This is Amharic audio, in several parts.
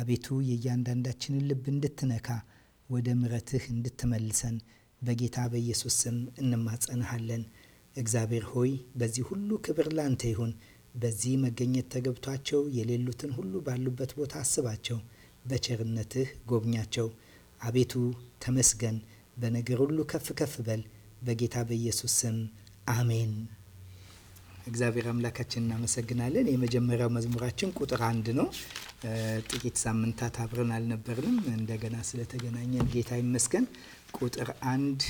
አቤቱ የእያንዳንዳችንን ልብ እንድትነካ ወደ ምረትህ እንድትመልሰን በጌታ በኢየሱስ ስም እንማጸንሃለን። እግዚአብሔር ሆይ በዚህ ሁሉ ክብር ላንተ ይሁን። በዚህ መገኘት ተገብቷቸው የሌሉትን ሁሉ ባሉበት ቦታ አስባቸው፣ በቸርነትህ ጎብኛቸው። አቤቱ ተመስገን፣ በነገር ሁሉ ከፍ ከፍ በል። በጌታ በኢየሱስ ስም አሜን። እግዚአብሔር አምላካችን እናመሰግናለን። የመጀመሪያው መዝሙራችን ቁጥር አንድ ነው። ጥቂት ሳምንታት አብረን አልነበርንም። እንደገና ስለተገናኘን ጌታ ይመስገን። ቁጥር አንድ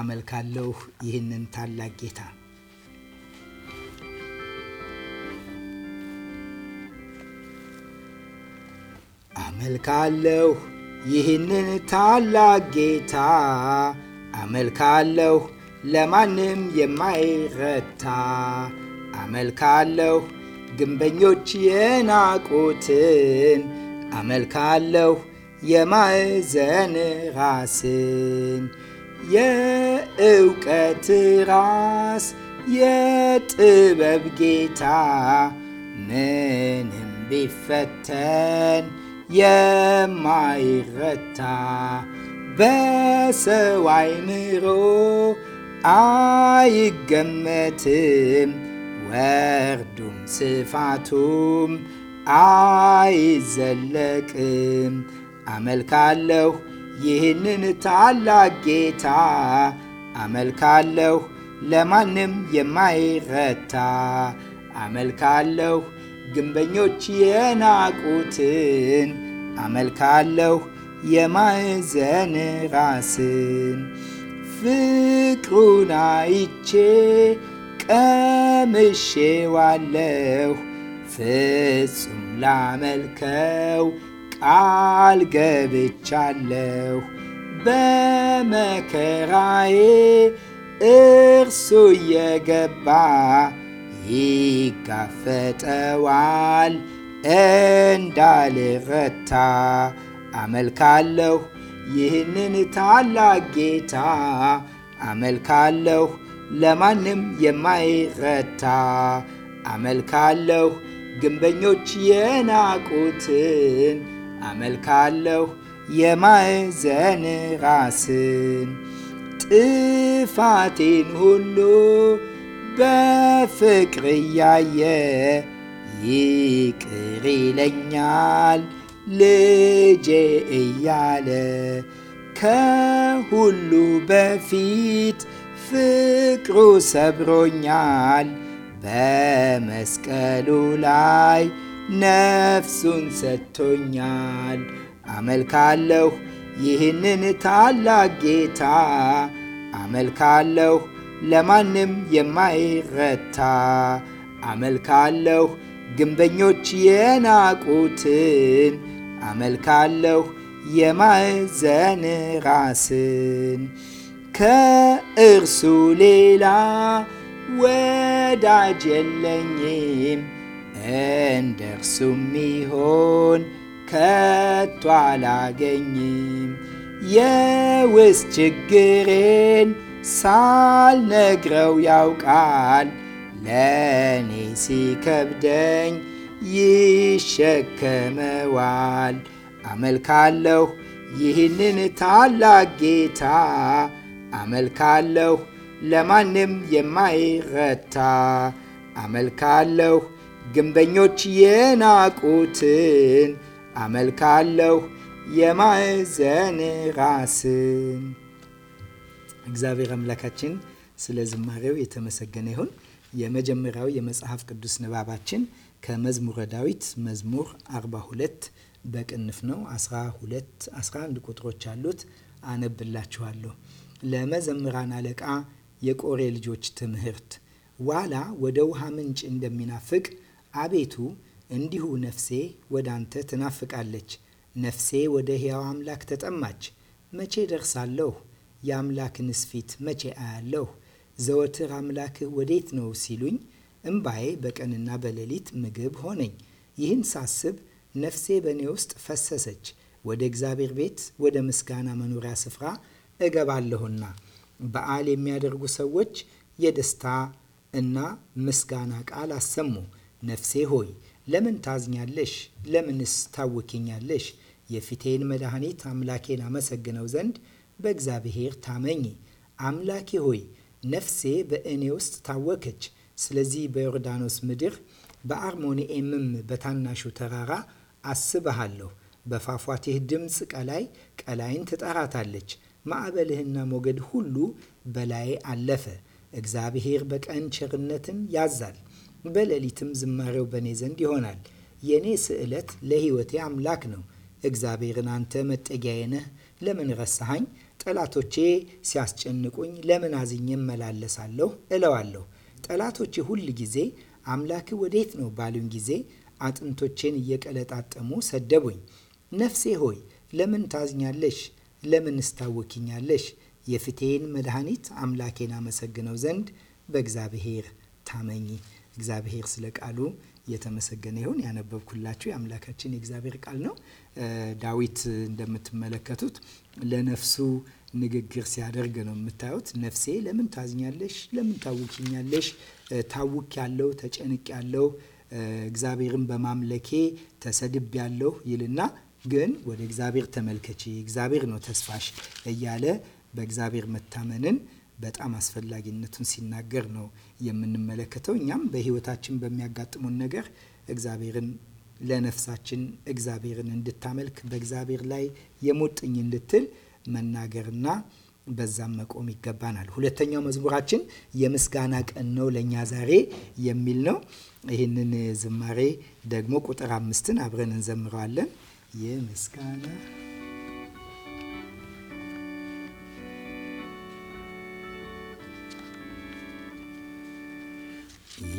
አመልካለሁ ይህንን ታላቅ ጌታ አመልካለሁ ይህንን ታላቅ ጌታ አመልካለሁ ለማንም የማይረታ አመልካለሁ ግንበኞች የናቁትን አመልካለሁ የማዕዘን ራስን የእውቀት ራስ የጥበብ ጌታ ምንም ቢፈተን የማይረታ በሰው አይምሮ አይገመትም ወሬ ፍርዱም ስፋቱም አይዘለቅም። አመልካለሁ ይህንን ታላቅ ጌታ አመልካለሁ ለማንም የማይረታ አመልካለሁ ግንበኞች የናቁትን አመልካለሁ የማዕዘን ራስን ፍቅሩን አይቼ ቀምሼዋለሁ ፍጹም ላመልከው ቃል ገብቻለሁ በመከራዬ እርሱ እየገባ ይጋፈጠዋል እንዳልረታ አመልካለሁ ይህንን ታላቅ ጌታ አመልካለሁ ለማንም የማይረታ አመልካለሁ ግንበኞች የናቁትን አመልካለሁ የማዕዘን ራስን ጥፋቴን ሁሉ በፍቅር እያየ ይቅር ይለኛል ልጄ እያለ ከሁሉ በፊት ፍቅሩ ሰብሮኛል በመስቀሉ ላይ ነፍሱን ሰጥቶኛል። አመልካለሁ ይህንን ታላቅ ጌታ አመልካለሁ ለማንም የማይረታ አመልካለሁ ግንበኞች የናቁትን አመልካለሁ የማዕዘን ራስን ከእርሱ ሌላ ወዳጅ የለኝም፣ እንደ እርሱ ይሆን ከቶ አላገኝም። የውስጥ ችግሬን ሳልነግረው ያውቃል፣ ለእኔ ሲከብደኝ ይሸከመዋል። አመልካለሁ ይህንን ታላቅ ጌታ አመልካለሁ ለማንም የማይረታ አመልካለሁ ግንበኞች የናቁትን አመልካለሁ የማዕዘን ራስን። እግዚአብሔር አምላካችን ስለ ዝማሬው የተመሰገነ ይሁን። የመጀመሪያው የመጽሐፍ ቅዱስ ንባባችን ከመዝሙረ ዳዊት መዝሙር 42 በቅንፍ ነው። 12 11 ቁጥሮች አሉት። አነብላችኋለሁ። ለመዘምራን አለቃ የቆሬ ልጆች ትምህርት ዋላ ወደ ውሃ ምንጭ እንደሚናፍቅ አቤቱ እንዲሁ ነፍሴ ወደ አንተ ትናፍቃለች። ነፍሴ ወደ ሕያው አምላክ ተጠማች። መቼ ደርሳለሁ? የአምላክንስ ፊት መቼ አያለሁ? ዘወትር አምላክህ ወዴት ነው ሲሉኝ እምባዬ በቀንና በሌሊት ምግብ ሆነኝ። ይህን ሳስብ ነፍሴ በእኔ ውስጥ ፈሰሰች። ወደ እግዚአብሔር ቤት ወደ ምስጋና መኖሪያ ስፍራ እገባለሁና በዓል የሚያደርጉ ሰዎች የደስታ እና ምስጋና ቃል አሰሙ። ነፍሴ ሆይ ለምን ታዝኛለሽ? ለምንስ ታውኪኛለሽ? የፊቴን መድኃኒት አምላኬን አመሰግነው ዘንድ በእግዚአብሔር ታመኝ። አምላኬ ሆይ ነፍሴ በእኔ ውስጥ ታወከች። ስለዚህ በዮርዳኖስ ምድር በአርሞንኤምም በታናሹ ተራራ አስብሃለሁ። በፏፏቴህ ድምፅ ቀላይ ቀላይን ትጠራታለች። ማዕበልህና ሞገድ ሁሉ በላይ አለፈ። እግዚአብሔር በቀን ቸርነትን ያዛል፣ በሌሊትም ዝማሬው በእኔ ዘንድ ይሆናል። የእኔ ስዕለት ለሕይወቴ አምላክ ነው። እግዚአብሔርን አንተ መጠጊያዬ ነህ፣ ለምን ረሳሃኝ? ጠላቶቼ ሲያስጨንቁኝ ለምን አዝኜ እመላለሳለሁ እለዋለሁ። ጠላቶቼ ሁል ጊዜ አምላክ ወዴት ነው ባሉኝ ጊዜ አጥንቶቼን እየቀለጣጠሙ ሰደቡኝ። ነፍሴ ሆይ ለምን ታዝኛለሽ? ለምን ስታወኪኛለሽ? የፍትሄን መድኃኒት አምላኬን አመሰግነው ዘንድ በእግዚአብሔር ታመኝ። እግዚአብሔር ስለ ቃሉ የተመሰገነ ይሁን። ያነበብኩላችሁ የአምላካችን የእግዚአብሔር ቃል ነው። ዳዊት እንደምትመለከቱት ለነፍሱ ንግግር ሲያደርግ ነው የምታዩት። ነፍሴ ለምን ታዝኛለሽ? ለምን ታውኪኛለሽ? ታውክ ያለው ተጨንቅ ያለው እግዚአብሔርን በማምለኬ ተሰድብ ያለው ይልና ግን ወደ እግዚአብሔር ተመልከቺ፣ እግዚአብሔር ነው ተስፋሽ እያለ በእግዚአብሔር መታመንን በጣም አስፈላጊነቱን ሲናገር ነው የምንመለከተው። እኛም በህይወታችን በሚያጋጥሙን ነገር እግዚአብሔርን ለነፍሳችን እግዚአብሔርን እንድታመልክ በእግዚአብሔር ላይ የሞጥኝ እንድትል መናገርና በዛም መቆም ይገባናል። ሁለተኛው መዝሙራችን የምስጋና ቀን ነው ለእኛ ዛሬ የሚል ነው። ይህንን ዝማሬ ደግሞ ቁጥር አምስትን አብረን እንዘምረዋለን። የምስጋና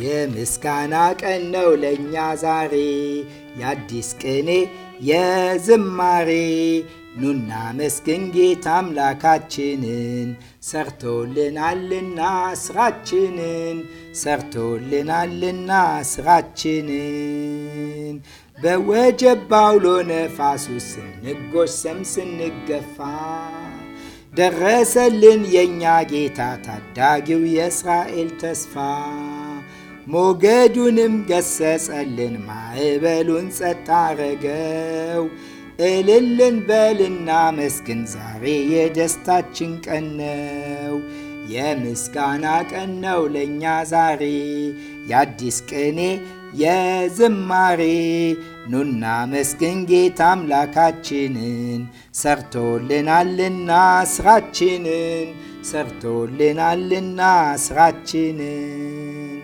የምስጋና ቀን ነው ለእኛ ዛሬ የአዲስ ቅኔ የዝማሬ ኑና መስግን ጌታ አምላካችንን ሰርቶልናልና ስራችንን ሰርቶልናልና ስራችንን በወጀብ ባውሎ ነፋስ ስንጎሰም ስንገፋ ደረሰልን የእኛ ጌታ ታዳጊው የእስራኤል ተስፋ። ሞገዱንም ገሰጸልን ማዕበሉን ጸጥ አረገው። እልልን በልና መስግን ዛሬ የደስታችን ቀን ነው። የምስጋና ቀን ነው ለእኛ ዛሬ የአዲስ ቅኔ የዝማሬ ኑና መስገን ጌታ አምላካችንን ሰርቶልናልና ስራችንን ሰርቶልናልና ስራችንን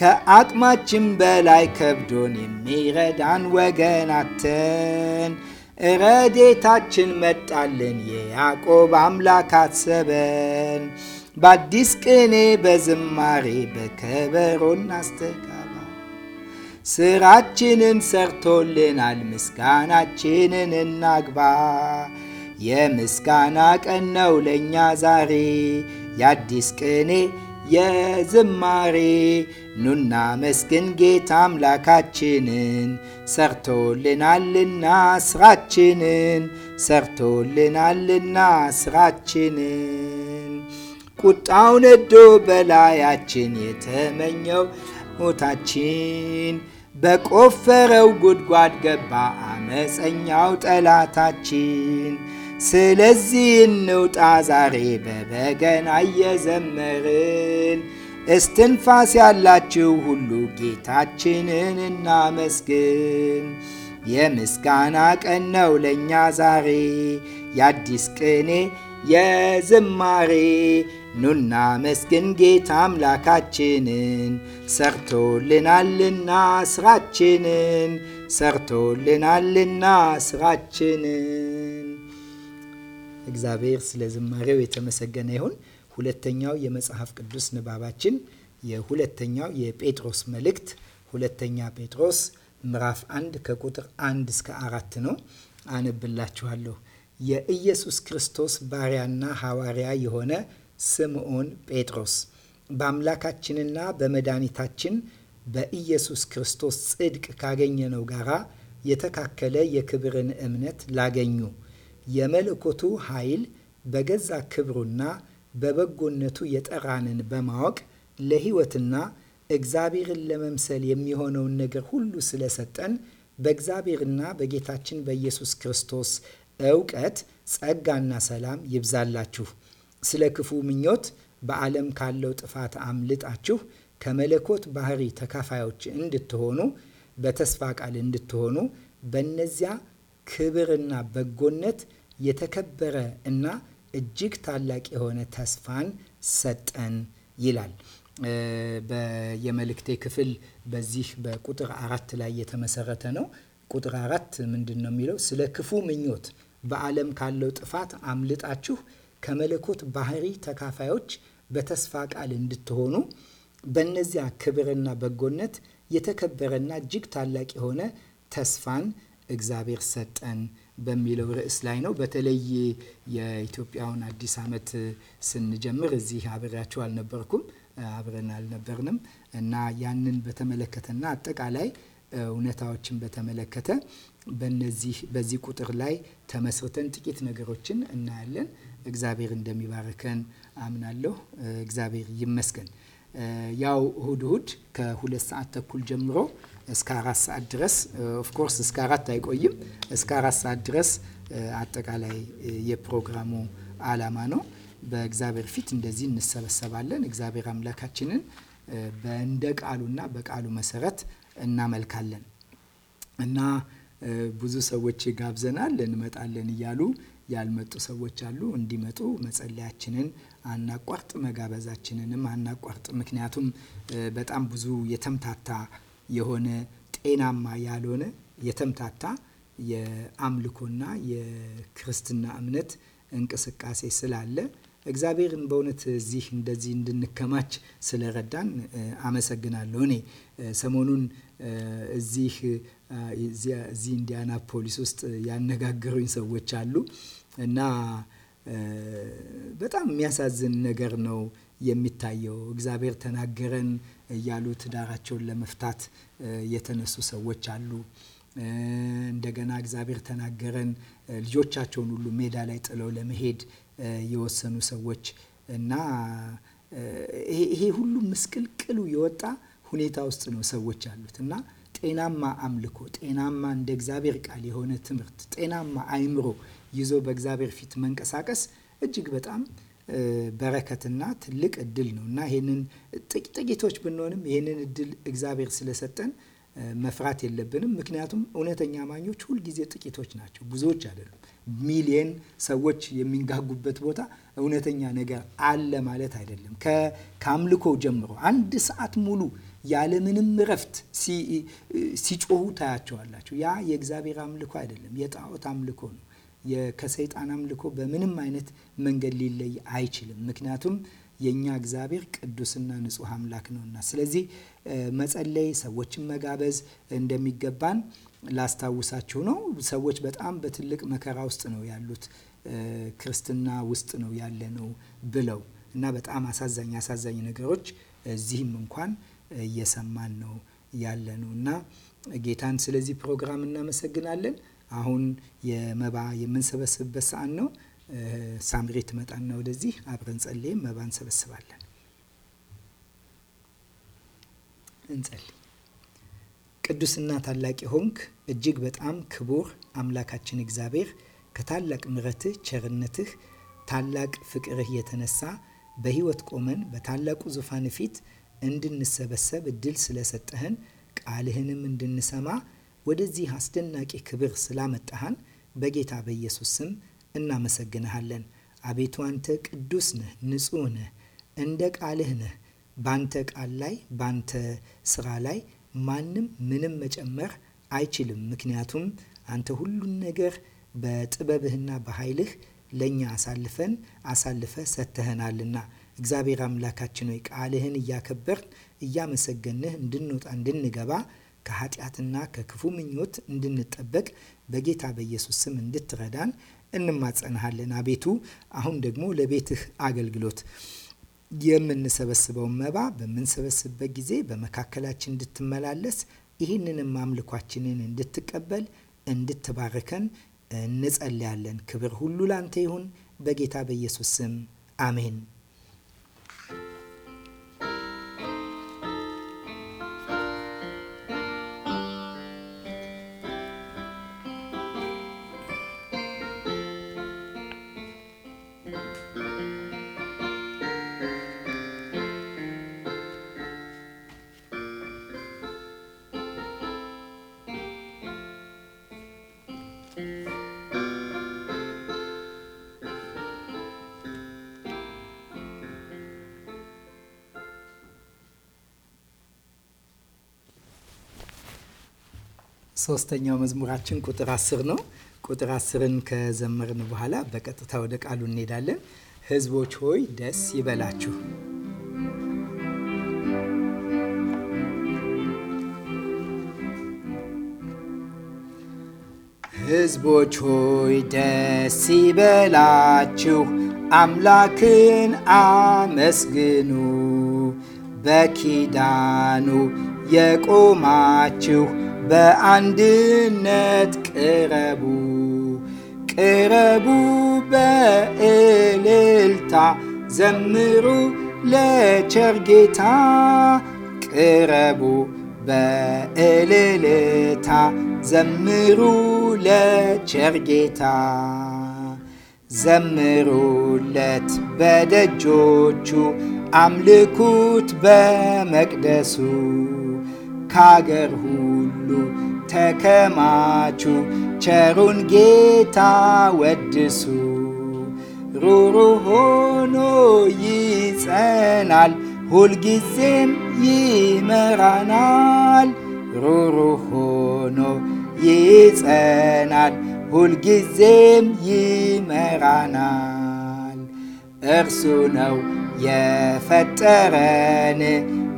ከአቅማችን በላይ ከብዶን የሚረዳን ወገናተን እረዴታችን መጣልን የያዕቆብ አምላክ አሰበን። በአዲስ ቅኔ በዝማሬ በከበሮ እናስተጋ ስራችንን ሰርቶልናል፣ ምስጋናችንን እናግባ። የምስጋና ቀን ነው ለእኛ ዛሬ የአዲስ ቅኔ የዝማሬ ኑና መስግን ጌታ አምላካችንን ሰርቶልናልና ስራችንን ሰርቶልናልና ስራችንን ቁጣውን እዶ በላያችን የተመኘው ሞታችን በቆፈረው ጉድጓድ ገባ አመፀኛው ጠላታችን። ስለዚህ እንውጣ ዛሬ በበገና እየዘመርን እስትንፋስ ያላችሁ ሁሉ ጌታችንን እናመስግን። የምስጋና ቀን ነው ለእኛ ዛሬ የአዲስ ቅኔ የዝማሬ ኑና መስግን ጌታ አምላካችንን ሰርቶልናልና ስራችንን ሰርቶልናልና ስራችንን። እግዚአብሔር ስለ ዝማሬው የተመሰገነ ይሁን። ሁለተኛው የመጽሐፍ ቅዱስ ንባባችን የሁለተኛው የጴጥሮስ መልእክት ሁለተኛ ጴጥሮስ ምዕራፍ አንድ ከቁጥር አንድ እስከ አራት ነው። አነብላችኋለሁ። የኢየሱስ ክርስቶስ ባሪያና ሐዋርያ የሆነ ስምዖን ጴጥሮስ በአምላካችንና በመድኃኒታችን በኢየሱስ ክርስቶስ ጽድቅ ካገኘነው ጋራ የተካከለ የክብርን እምነት ላገኙ የመለኮቱ ኃይል በገዛ ክብሩና በበጎነቱ የጠራንን በማወቅ ለሕይወትና እግዚአብሔርን ለመምሰል የሚሆነውን ነገር ሁሉ ስለሰጠን በእግዚአብሔርና በጌታችን በኢየሱስ ክርስቶስ እውቀት ጸጋና ሰላም ይብዛላችሁ። ስለ ክፉ ምኞት በዓለም ካለው ጥፋት አምልጣችሁ ከመለኮት ባህሪ ተካፋዮች እንድትሆኑ በተስፋ ቃል እንድትሆኑ በእነዚያ ክብርና በጎነት የተከበረ እና እጅግ ታላቅ የሆነ ተስፋን ሰጠን ይላል። የመልእክቴ ክፍል በዚህ በቁጥር አራት ላይ የተመሰረተ ነው። ቁጥር አራት ምንድን ነው የሚለው? ስለ ክፉ ምኞት በዓለም ካለው ጥፋት አምልጣችሁ ከመለኮት ባህሪ ተካፋዮች በተስፋ ቃል እንድትሆኑ በእነዚያ ክብርና በጎነት የተከበረና እጅግ ታላቅ የሆነ ተስፋን እግዚአብሔር ሰጠን በሚለው ርዕስ ላይ ነው። በተለይ የኢትዮጵያውን አዲስ ዓመት ስንጀምር እዚህ አብሬያችሁ አልነበርኩም፣ አብረን አልነበርንም እና ያንን በተመለከተና አጠቃላይ እውነታዎችን በተመለከተ በነዚህ በዚህ ቁጥር ላይ ተመስርተን ጥቂት ነገሮችን እናያለን። እግዚአብሔር እንደሚባርከን አምናለሁ። እግዚአብሔር ይመስገን። ያው እሁድ እሁድ ከሁለት ሰዓት ተኩል ጀምሮ እስከ አራት ሰዓት ድረስ ኦፍኮርስ እስከ አራት አይቆይም። እስከ አራት ሰዓት ድረስ አጠቃላይ የፕሮግራሙ አላማ ነው። በእግዚአብሔር ፊት እንደዚህ እንሰበሰባለን። እግዚአብሔር አምላካችንን በእንደ ቃሉና በቃሉ መሰረት እናመልካለን እና ብዙ ሰዎች ጋብዘናል እንመጣለን እያሉ ያልመጡ ሰዎች አሉ። እንዲመጡ መጸለያችንን አናቋርጥ፣ መጋበዛችንንም አናቋርጥ። ምክንያቱም በጣም ብዙ የተምታታ የሆነ ጤናማ ያልሆነ የተምታታ የአምልኮና የክርስትና እምነት እንቅስቃሴ ስላለ እግዚአብሔርን በእውነት እዚህ እንደዚህ እንድንከማች ስለረዳን አመሰግናለሁ። እኔ ሰሞኑን እዚህ እዚህ ኢንዲያናፖሊስ ውስጥ ያነጋገሩኝ ሰዎች አሉ እና በጣም የሚያሳዝን ነገር ነው የሚታየው። እግዚአብሔር ተናገረን እያሉ ትዳራቸውን ለመፍታት የተነሱ ሰዎች አሉ። እንደገና እግዚአብሔር ተናገረን ልጆቻቸውን ሁሉ ሜዳ ላይ ጥለው ለመሄድ የወሰኑ ሰዎች እና ይሄ ሁሉ ምስቅልቅሉ የወጣ ሁኔታ ውስጥ ነው ሰዎች ያሉት እና ጤናማ አምልኮ፣ ጤናማ እንደ እግዚአብሔር ቃል የሆነ ትምህርት፣ ጤናማ አይምሮ ይዞ በእግዚአብሔር ፊት መንቀሳቀስ እጅግ በጣም በረከትና ትልቅ እድል ነው እና ይህንን ጥቂቶች ብንሆንም ይህንን እድል እግዚአብሔር ስለሰጠን መፍራት የለብንም። ምክንያቱም እውነተኛ አማኞች ሁልጊዜ ጥቂቶች ናቸው፣ ብዙዎች አይደሉም። ሚሊየን ሰዎች የሚንጋጉበት ቦታ እውነተኛ ነገር አለ ማለት አይደለም። ከአምልኮ ጀምሮ አንድ ሰዓት ሙሉ ያለምንም እረፍት ሲጮሁ ታያቸዋላችሁ። ያ የእግዚአብሔር አምልኮ አይደለም፣ የጣዖት አምልኮ ነው። ከሰይጣን አምልኮ በምንም አይነት መንገድ ሊለይ አይችልም። ምክንያቱም የእኛ እግዚአብሔር ቅዱስና ንጹሕ አምላክ ነውና። ስለዚህ መጸለይ፣ ሰዎችን መጋበዝ እንደሚገባን ላስታውሳችሁ ነው። ሰዎች በጣም በትልቅ መከራ ውስጥ ነው ያሉት። ክርስትና ውስጥ ነው ያለ ነው ብለው እና በጣም አሳዛኝ አሳዛኝ ነገሮች እዚህም እንኳን እየሰማን ነው ያለ ነው እና ጌታን ስለዚህ ፕሮግራም እናመሰግናለን። አሁን የመባ የምንሰበስብበት ሰዓት ነው። ሳምሬ ትመጣና ወደዚህ አብረን ጸልየን መባ እንሰበስባለን። እንጸልይ። ቅዱስና ታላቅ ሆንክ እጅግ በጣም ክቡር አምላካችን እግዚአብሔር ከታላቅ ምረትህ፣ ቸርነትህ፣ ታላቅ ፍቅርህ የተነሳ በህይወት ቆመን በታላቁ ዙፋን ፊት እንድንሰበሰብ እድል ስለሰጠህን ቃልህንም እንድንሰማ ወደዚህ አስደናቂ ክብር ስላመጣህን በጌታ በኢየሱስ ስም እናመሰግንሃለን። አቤቱ አንተ ቅዱስ ነህ፣ ንጹህ ነህ፣ እንደ ቃልህ ነህ። ባንተ ቃል ላይ ባንተ ስራ ላይ ማንም ምንም መጨመር አይችልም። ምክንያቱም አንተ ሁሉን ነገር በጥበብህና በኃይልህ ለእኛ አሳልፈን አሳልፈ ሰጥተህናልና እግዚአብሔር አምላካችን ሆይ ቃልህን እያከበርን እያመሰገንህ እንድንወጣ እንድንገባ ከኃጢአትና ከክፉ ምኞት እንድንጠበቅ በጌታ በኢየሱስ ስም እንድትረዳን እንማጸንሃለን። አቤቱ አሁን ደግሞ ለቤትህ አገልግሎት የምንሰበስበውን መባ በምንሰበስብበት ጊዜ በመካከላችን እንድትመላለስ ይህንንም አምልኳችንን እንድትቀበል እንድትባርከን እንጸልያለን። ክብር ሁሉ ላንተ ይሁን በጌታ በኢየሱስ ስም አሜን። ሶስተኛው መዝሙራችን ቁጥር አስር ነው። ቁጥር አስርን ከዘመርን በኋላ በቀጥታ ወደ ቃሉ እንሄዳለን። ህዝቦች ሆይ ደስ ይበላችሁ ህዝቦች ሆይ ደስ ይበላችሁ፣ አምላክን አመስግኑ። በኪዳኑ የቆማችሁ በአንድነት ቅረቡ ቅረቡ በእልልታ ዘምሩ ለቸር ጌታ ቅረቡ በእልልታ ዘምሩ ለቸር ጌታ ዘምሩለት በደጆቹ አምልኩት በመቅደሱ ካገር ሁሉ ተከማቹ፣ ቸሩን ጌታ ወድሱ። ሩሩ ሆኖ ይጸናል፣ ሁልጊዜም ይመራናል። ሩሩ ሆኖ ይጸናል፣ ሁልጊዜም ይመራናል። እርሱ ነው የፈጠረን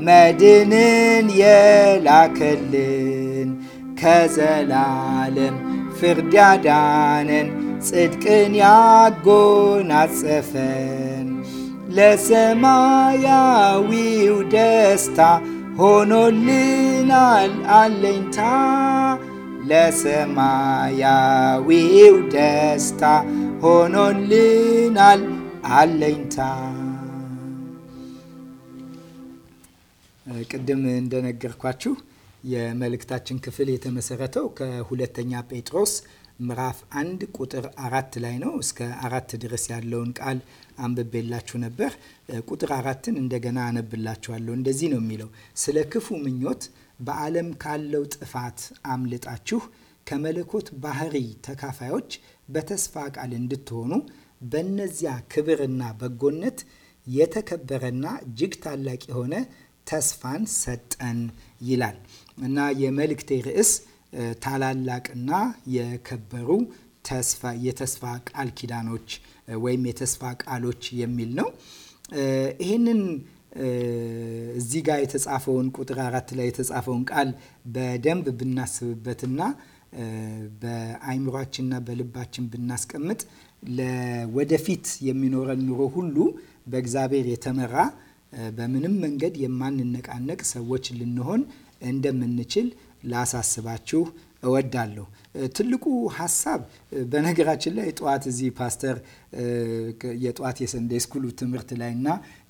መድንን የላከልን ከዘላለም ፍርድ ያዳነን ጽድቅን ያጎናጸፈን ለሰማያዊው ደስታ ሆኖልናል አለኝታ ለሰማያዊው ደስታ ሆኖልናል አለኝታ። ቅድም እንደነገርኳችሁ የመልእክታችን ክፍል የተመሰረተው ከሁለተኛ ጴጥሮስ ምዕራፍ አንድ ቁጥር አራት ላይ ነው። እስከ አራት ድረስ ያለውን ቃል አንብቤላችሁ ነበር። ቁጥር አራትን እንደገና አነብላችኋለሁ። እንደዚህ ነው የሚለው ስለ ክፉ ምኞት በዓለም ካለው ጥፋት አምልጣችሁ ከመለኮት ባህሪ ተካፋዮች በተስፋ ቃል እንድትሆኑ በእነዚያ ክብርና በጎነት የተከበረና እጅግ ታላቅ የሆነ ተስፋን ሰጠን ይላል። እና የመልእክቴ ርዕስ ታላላቅና የከበሩ ተስፋ የተስፋ ቃል ኪዳኖች ወይም የተስፋ ቃሎች የሚል ነው። ይህንን እዚህ ጋር የተጻፈውን ቁጥር አራት ላይ የተጻፈውን ቃል በደንብ ብናስብበትና በአይምሯችንና በልባችን ብናስቀምጥ ለወደፊት የሚኖረን ኑሮ ሁሉ በእግዚአብሔር የተመራ በምንም መንገድ የማንነቃነቅ ሰዎች ልንሆን እንደምንችል ላሳስባችሁ እወዳለሁ። ትልቁ ሀሳብ በነገራችን ላይ ጠዋት እዚህ ፓስተር የጠዋት የሰንደይ ስኩሉ ትምህርት ላይ እና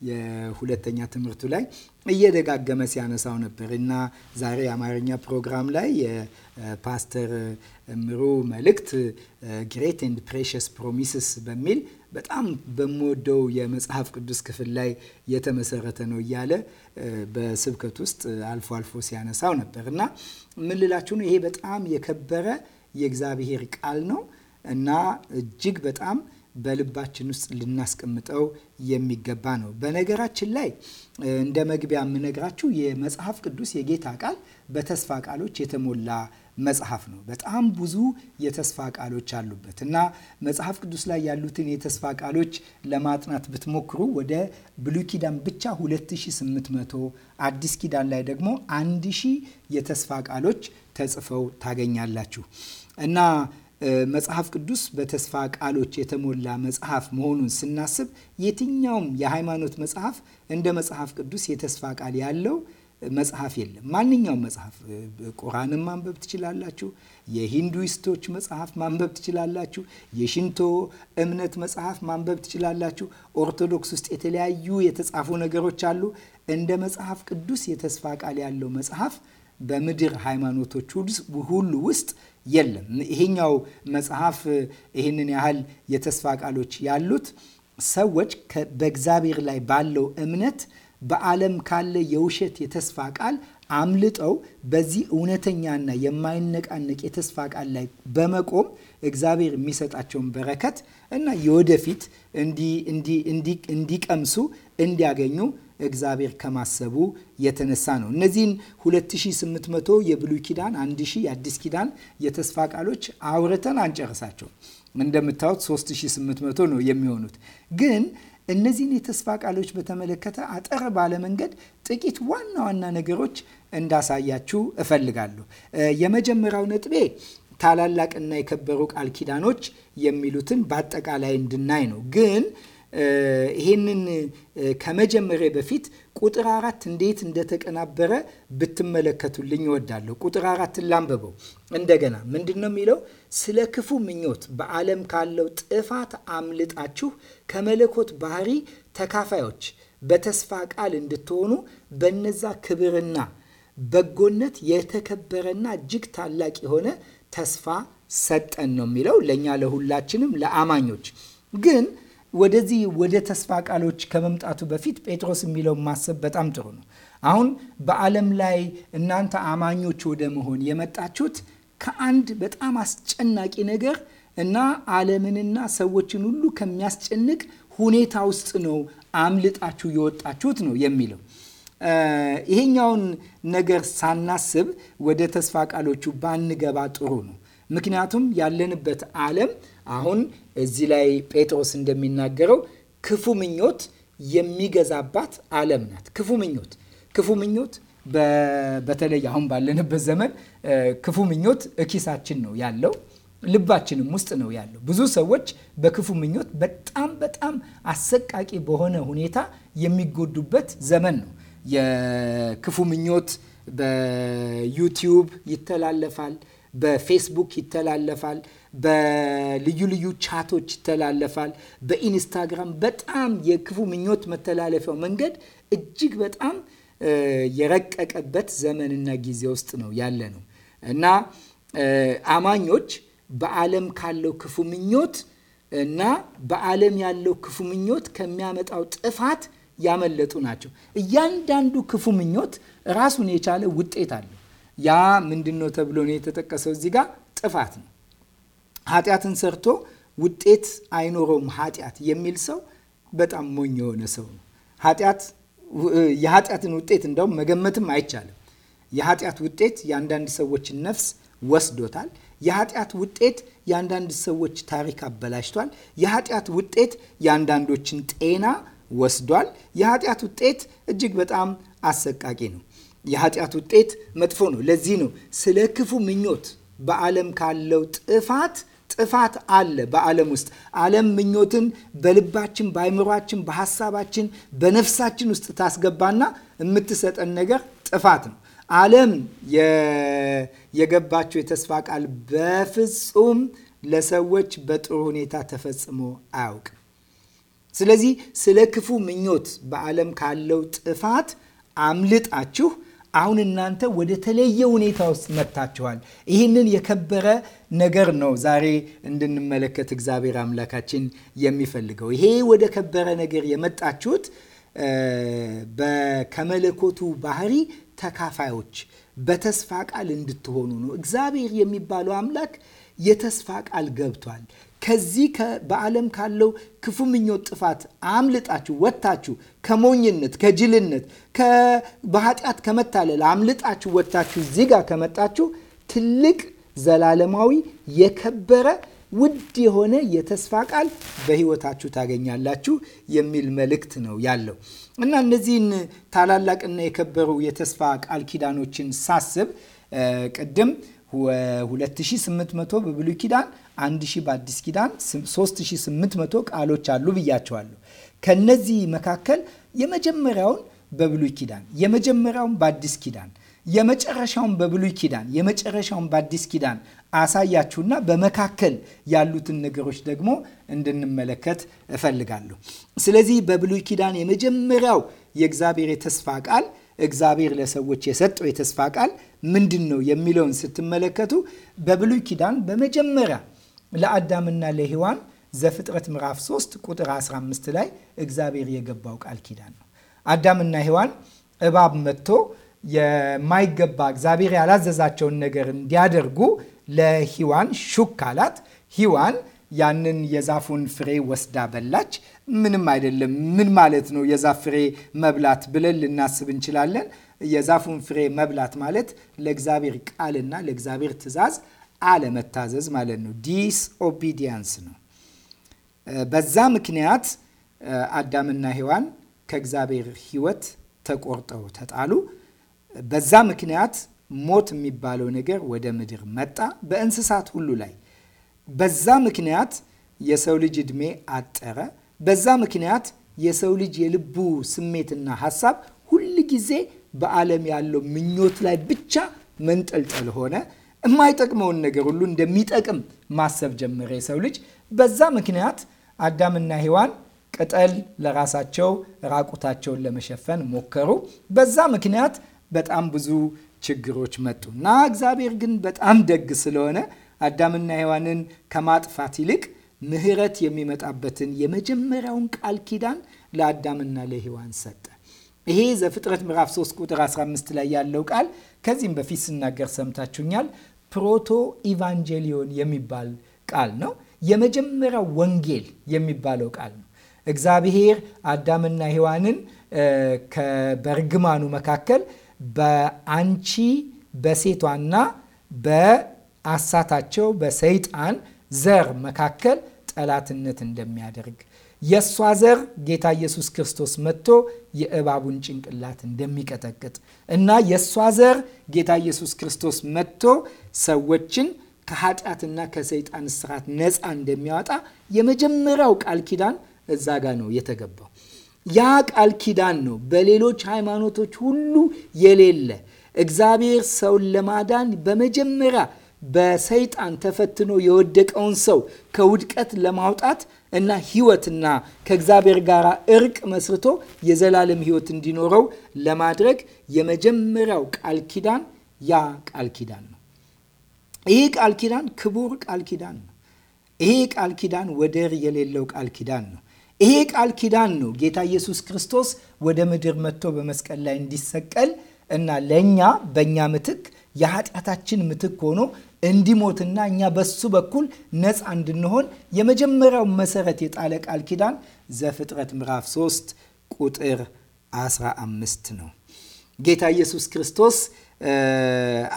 የሁለተኛ ትምህርቱ ላይ እየደጋገመ ሲያነሳው ነበር እና ዛሬ የአማርኛ ፕሮግራም ላይ የፓስተር ምሩ መልእክት ግሬት ኤንድ ፕሬሽስ ፕሮሚስስ በሚል በጣም በምወደው የመጽሐፍ ቅዱስ ክፍል ላይ የተመሰረተ ነው እያለ በስብከት ውስጥ አልፎ አልፎ ሲያነሳው ነበር እና ምን ልላችሁ ነው፣ ይሄ በጣም የከበረ የእግዚአብሔር ቃል ነው እና እጅግ በጣም በልባችን ውስጥ ልናስቀምጠው የሚገባ ነው። በነገራችን ላይ እንደ መግቢያ የምነግራችሁ የመጽሐፍ ቅዱስ የጌታ ቃል በተስፋ ቃሎች የተሞላ መጽሐፍ ነው። በጣም ብዙ የተስፋ ቃሎች አሉበት እና መጽሐፍ ቅዱስ ላይ ያሉትን የተስፋ ቃሎች ለማጥናት ብትሞክሩ ወደ ብሉይ ኪዳን ብቻ 2800 አዲስ ኪዳን ላይ ደግሞ 1000 የተስፋ ቃሎች ተጽፈው ታገኛላችሁ እና መጽሐፍ ቅዱስ በተስፋ ቃሎች የተሞላ መጽሐፍ መሆኑን ስናስብ የትኛውም የሃይማኖት መጽሐፍ እንደ መጽሐፍ ቅዱስ የተስፋ ቃል ያለው መጽሐፍ የለም። ማንኛውም መጽሐፍ ቁራንም ማንበብ ትችላላችሁ። የሂንዱይስቶች መጽሐፍ ማንበብ ትችላላችሁ። የሽንቶ እምነት መጽሐፍ ማንበብ ትችላላችሁ። ኦርቶዶክስ ውስጥ የተለያዩ የተጻፉ ነገሮች አሉ። እንደ መጽሐፍ ቅዱስ የተስፋ ቃል ያለው መጽሐፍ በምድር ሃይማኖቶች ሁሉ ውስጥ የለም። ይሄኛው መጽሐፍ ይህንን ያህል የተስፋ ቃሎች ያሉት ሰዎች በእግዚአብሔር ላይ ባለው እምነት በዓለም ካለ የውሸት የተስፋ ቃል አምልጠው በዚህ እውነተኛና የማይነቃነቅ የተስፋ ቃል ላይ በመቆም እግዚአብሔር የሚሰጣቸውን በረከት እና የወደፊት እንዲቀምሱ እንዲያገኙ እግዚአብሔር ከማሰቡ የተነሳ ነው። እነዚህን 2800 የብሉይ ኪዳን 1000 የአዲስ ኪዳን የተስፋ ቃሎች አውርተን አንጨርሳቸው። እንደምታዩት 3800 ነው የሚሆኑት ግን እነዚህን የተስፋ ቃሎች በተመለከተ አጠር መንገድ ጥቂት ዋና ዋና ነገሮች እንዳሳያችሁ እፈልጋለሁ። የመጀመሪያው ነጥቤ ታላላቅና የከበሩ ቃል ኪዳኖች የሚሉትን በአጠቃላይ እንድናይ ነው ግን ይሄንን ከመጀመሪያ በፊት ቁጥር አራት እንዴት እንደተቀናበረ ብትመለከቱልኝ እወዳለሁ። ቁጥር አራትን ላንብበው እንደገና። ምንድን ነው የሚለው? ስለ ክፉ ምኞት በዓለም ካለው ጥፋት አምልጣችሁ ከመለኮት ባህሪ ተካፋዮች በተስፋ ቃል እንድትሆኑ በነዛ ክብርና በጎነት የተከበረና እጅግ ታላቅ የሆነ ተስፋ ሰጠን ነው የሚለው ለእኛ ለሁላችንም ለአማኞች ግን ወደዚህ ወደ ተስፋ ቃሎች ከመምጣቱ በፊት ጴጥሮስ የሚለውን ማሰብ በጣም ጥሩ ነው። አሁን በዓለም ላይ እናንተ አማኞች ወደ መሆን የመጣችሁት ከአንድ በጣም አስጨናቂ ነገር እና ዓለምንና ሰዎችን ሁሉ ከሚያስጨንቅ ሁኔታ ውስጥ ነው አምልጣችሁ የወጣችሁት ነው የሚለው። ይሄኛውን ነገር ሳናስብ ወደ ተስፋ ቃሎቹ ባንገባ ጥሩ ነው። ምክንያቱም ያለንበት ዓለም አሁን እዚህ ላይ ጴጥሮስ እንደሚናገረው ክፉ ምኞት የሚገዛባት ዓለም ናት። ክፉ ምኞት ክፉ ምኞት በተለይ አሁን ባለንበት ዘመን ክፉ ምኞት እኪሳችን ነው ያለው፣ ልባችንም ውስጥ ነው ያለው። ብዙ ሰዎች በክፉ ምኞት በጣም በጣም አሰቃቂ በሆነ ሁኔታ የሚጎዱበት ዘመን ነው። የክፉ ምኞት በዩቲዩብ ይተላለፋል፣ በፌስቡክ ይተላለፋል፣ በልዩ ልዩ ቻቶች ይተላለፋል። በኢንስታግራም በጣም የክፉ ምኞት መተላለፊያው መንገድ እጅግ በጣም የረቀቀበት ዘመንና ጊዜ ውስጥ ነው ያለ ነው እና አማኞች በዓለም ካለው ክፉ ምኞት እና በዓለም ያለው ክፉ ምኞት ከሚያመጣው ጥፋት ያመለጡ ናቸው። እያንዳንዱ ክፉ ምኞት ራሱን የቻለ ውጤት አለው። ያ ምንድን ነው ተብሎ ነው የተጠቀሰው? እዚህ ጋር ጥፋት ነው። ኃጢአትን ሰርቶ ውጤት አይኖረውም ኃጢአት የሚል ሰው በጣም ሞኝ የሆነ ሰው ነው። ኃጢአት የኃጢአትን ውጤት እንደውም መገመትም አይቻልም። የኃጢአት ውጤት የአንዳንድ ሰዎችን ነፍስ ወስዶታል። የኃጢአት ውጤት የአንዳንድ ሰዎች ታሪክ አበላሽቷል። የኃጢአት ውጤት የአንዳንዶችን ጤና ወስዷል። የኃጢአት ውጤት እጅግ በጣም አሰቃቂ ነው። የኃጢአት ውጤት መጥፎ ነው። ለዚህ ነው ስለ ክፉ ምኞት በዓለም ካለው ጥፋት ጥፋት አለ በዓለም ውስጥ። ዓለም ምኞትን በልባችን፣ በአይምሯችን፣ በሀሳባችን፣ በነፍሳችን ውስጥ ታስገባና የምትሰጠን ነገር ጥፋት ነው። ዓለም የገባቸው የተስፋ ቃል በፍጹም ለሰዎች በጥሩ ሁኔታ ተፈጽሞ አያውቅም። ስለዚህ ስለ ክፉ ምኞት በዓለም ካለው ጥፋት አምልጣችሁ አሁን እናንተ ወደ ተለየ ሁኔታ ውስጥ መጥታችኋል። ይህንን የከበረ ነገር ነው ዛሬ እንድንመለከት እግዚአብሔር አምላካችን የሚፈልገው። ይሄ ወደ ከበረ ነገር የመጣችሁት ከመለኮቱ ባህሪ ተካፋዮች በተስፋ ቃል እንድትሆኑ ነው። እግዚአብሔር የሚባለው አምላክ የተስፋ ቃል ገብቷል። ከዚህ በዓለም ካለው ክፉ ምኞት ጥፋት አምልጣችሁ ወጥታችሁ ከሞኝነት፣ ከጅልነት፣ በኃጢአት ከመታለል አምልጣችሁ ወጥታችሁ እዚህ ጋር ከመጣችሁ ትልቅ ዘላለማዊ የከበረ ውድ የሆነ የተስፋ ቃል በህይወታችሁ ታገኛላችሁ የሚል መልእክት ነው ያለው እና እነዚህን ታላላቅና የከበሩ የተስፋ ቃል ኪዳኖችን ሳስብ ቅድም 2800 በብሉይ ኪዳን 1000 በአዲስ ኪዳን 3800 ቃሎች አሉ ብያቸዋለሁ። ከነዚህ መካከል የመጀመሪያውን በብሉይ ኪዳን የመጀመሪያውን በአዲስ ኪዳን የመጨረሻውን በብሉይ ኪዳን የመጨረሻውን በአዲስ ኪዳን አሳያችሁና በመካከል ያሉትን ነገሮች ደግሞ እንድንመለከት እፈልጋለሁ። ስለዚህ በብሉይ ኪዳን የመጀመሪያው የእግዚአብሔር የተስፋ ቃል እግዚአብሔር ለሰዎች የሰጠው የተስፋ ቃል ምንድን ነው የሚለውን ስትመለከቱ በብሉይ ኪዳን በመጀመሪያ ለአዳምና ለሔዋን ዘፍጥረት ምዕራፍ 3 ቁጥር 15 ላይ እግዚአብሔር የገባው ቃል ኪዳን ነው። አዳምና ሔዋን እባብ መጥቶ የማይገባ እግዚአብሔር ያላዘዛቸውን ነገር እንዲያደርጉ ለሔዋን ሹክ አላት። ሔዋን ያንን የዛፉን ፍሬ ወስዳ በላች። ምንም አይደለም። ምን ማለት ነው የዛፍ ፍሬ መብላት ብለን ልናስብ እንችላለን። የዛፉን ፍሬ መብላት ማለት ለእግዚአብሔር ቃልና ለእግዚአብሔር ትእዛዝ አለመታዘዝ ማለት ነው። ዲስኦቢዲያንስ ነው። በዛ ምክንያት አዳምና ሔዋን ከእግዚአብሔር ሕይወት ተቆርጠው ተጣሉ። በዛ ምክንያት ሞት የሚባለው ነገር ወደ ምድር መጣ በእንስሳት ሁሉ ላይ በዛ ምክንያት የሰው ልጅ እድሜ አጠረ። በዛ ምክንያት የሰው ልጅ የልቡ ስሜትና ሀሳብ ሁል ጊዜ በዓለም ያለው ምኞት ላይ ብቻ መንጠልጠል ሆነ። የማይጠቅመውን ነገር ሁሉ እንደሚጠቅም ማሰብ ጀመረ የሰው ልጅ። በዛ ምክንያት አዳምና ሔዋን ቅጠል ለራሳቸው ራቁታቸውን ለመሸፈን ሞከሩ። በዛ ምክንያት በጣም ብዙ ችግሮች መጡ እና እግዚአብሔር ግን በጣም ደግ ስለሆነ አዳምና ሔዋንን ከማጥፋት ይልቅ ምሕረት የሚመጣበትን የመጀመሪያውን ቃል ኪዳን ለአዳምና ለሔዋን ሰጠ። ይሄ ዘፍጥረት ምዕራፍ 3 ቁጥር 15 ላይ ያለው ቃል ከዚህም በፊት ስናገር ሰምታችሁኛል። ፕሮቶ ኢቫንጀሊዮን የሚባል ቃል ነው። የመጀመሪያው ወንጌል የሚባለው ቃል ነው። እግዚአብሔር አዳምና ሔዋንን በእርግማኑ መካከል በአንቺ በሴቷና አሳታቸው በሰይጣን ዘር መካከል ጠላትነት እንደሚያደርግ የእሷ ዘር ጌታ ኢየሱስ ክርስቶስ መጥቶ የእባቡን ጭንቅላት እንደሚቀጠቅጥ እና የእሷ ዘር ጌታ ኢየሱስ ክርስቶስ መጥቶ ሰዎችን ከኃጢአትና ከሰይጣን ስርዓት ነፃ እንደሚያወጣ የመጀመሪያው ቃል ኪዳን እዛ ጋ ነው የተገባው። ያ ቃል ኪዳን ነው በሌሎች ሃይማኖቶች ሁሉ የሌለ እግዚአብሔር ሰውን ለማዳን በመጀመሪያ በሰይጣን ተፈትኖ የወደቀውን ሰው ከውድቀት ለማውጣት እና ህይወትና ከእግዚአብሔር ጋር እርቅ መስርቶ የዘላለም ህይወት እንዲኖረው ለማድረግ የመጀመሪያው ቃል ኪዳን ያ ቃል ኪዳን ነው። ይህ ቃል ኪዳን ክቡር ቃል ኪዳን ነው። ይሄ ቃል ኪዳን ወደር የሌለው ቃል ኪዳን ነው። ይሄ ቃል ኪዳን ነው ጌታ ኢየሱስ ክርስቶስ ወደ ምድር መጥቶ በመስቀል ላይ እንዲሰቀል እና ለእኛ በእኛ ምትክ የኃጢአታችን ምትክ ሆኖ እንዲሞትና እኛ በሱ በኩል ነፃ እንድንሆን የመጀመሪያው መሰረት የጣለ ቃል ኪዳን ዘፍጥረት ምዕራፍ 3 ቁጥር 15 ነው። ጌታ ኢየሱስ ክርስቶስ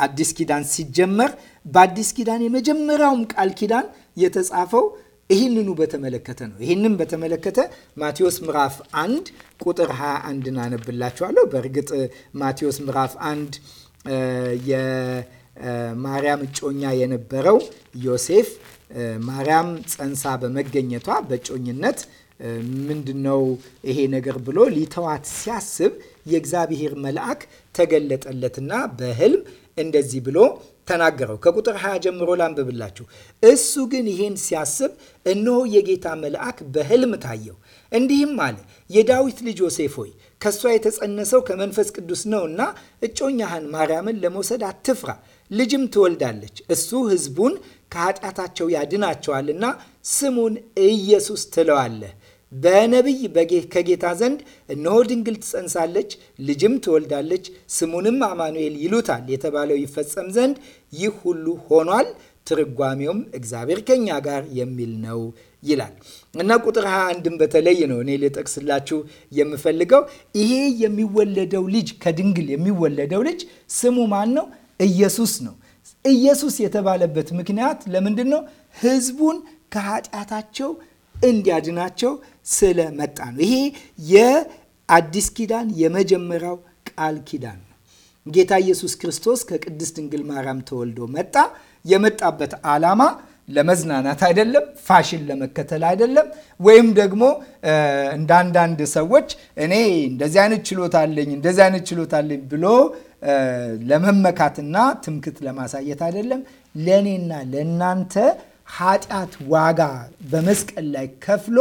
አዲስ ኪዳን ሲጀመር በአዲስ ኪዳን የመጀመሪያውም ቃል ኪዳን የተጻፈው ይህንኑ በተመለከተ ነው። ይህንም በተመለከተ ማቴዎስ ምዕራፍ 1 ቁጥር 21 አነብላችኋለሁ። በእርግጥ ማቴዎስ ምዕራፍ 1 ማርያም እጮኛ የነበረው ዮሴፍ ማርያም ጸንሳ በመገኘቷ በእጮኝነት ምንድነው ይሄ ነገር ብሎ ሊተዋት ሲያስብ የእግዚአብሔር መልአክ ተገለጠለትና በህልም እንደዚህ ብሎ ተናገረው። ከቁጥር 20 ጀምሮ ላንብብላችሁ። እሱ ግን ይሄን ሲያስብ እነሆ የጌታ መልአክ በህልም ታየው፣ እንዲህም አለ የዳዊት ልጅ ዮሴፍ ሆይ ከእሷ የተጸነሰው ከመንፈስ ቅዱስ ነው እና እጮኛህን ማርያምን ለመውሰድ አትፍራ፣ ልጅም ትወልዳለች፣ እሱ ህዝቡን ከኃጢአታቸው ያድናቸዋልና ስሙን ኢየሱስ ትለዋለህ። በነቢይ ከጌታ ዘንድ እነሆ ድንግል ትጸንሳለች፣ ልጅም ትወልዳለች፣ ስሙንም አማኑኤል ይሉታል የተባለው ይፈጸም ዘንድ ይህ ሁሉ ሆኗል። ትርጓሜውም እግዚአብሔር ከኛ ጋር የሚል ነው ይላል እና ቁጥር 21ን በተለይ ነው እኔ ልጠቅስላችሁ የምፈልገው። ይሄ የሚወለደው ልጅ ከድንግል የሚወለደው ልጅ ስሙ ማን ነው? ኢየሱስ ነው። ኢየሱስ የተባለበት ምክንያት ለምንድን ነው? ህዝቡን ከኃጢአታቸው እንዲያድናቸው ስለመጣ ነው። ይሄ የአዲስ ኪዳን የመጀመሪያው ቃል ኪዳን ነው። ጌታ ኢየሱስ ክርስቶስ ከቅድስት ድንግል ማርያም ተወልዶ መጣ። የመጣበት ዓላማ ለመዝናናት አይደለም፣ ፋሽን ለመከተል አይደለም። ወይም ደግሞ እንደ አንዳንድ ሰዎች እኔ እንደዚህ አይነት ችሎታ አለኝ እንደዚህ አይነት ችሎታ አለኝ ብሎ ለመመካትና ትምክት ለማሳየት አይደለም። ለእኔና ለእናንተ ኃጢአት ዋጋ በመስቀል ላይ ከፍሎ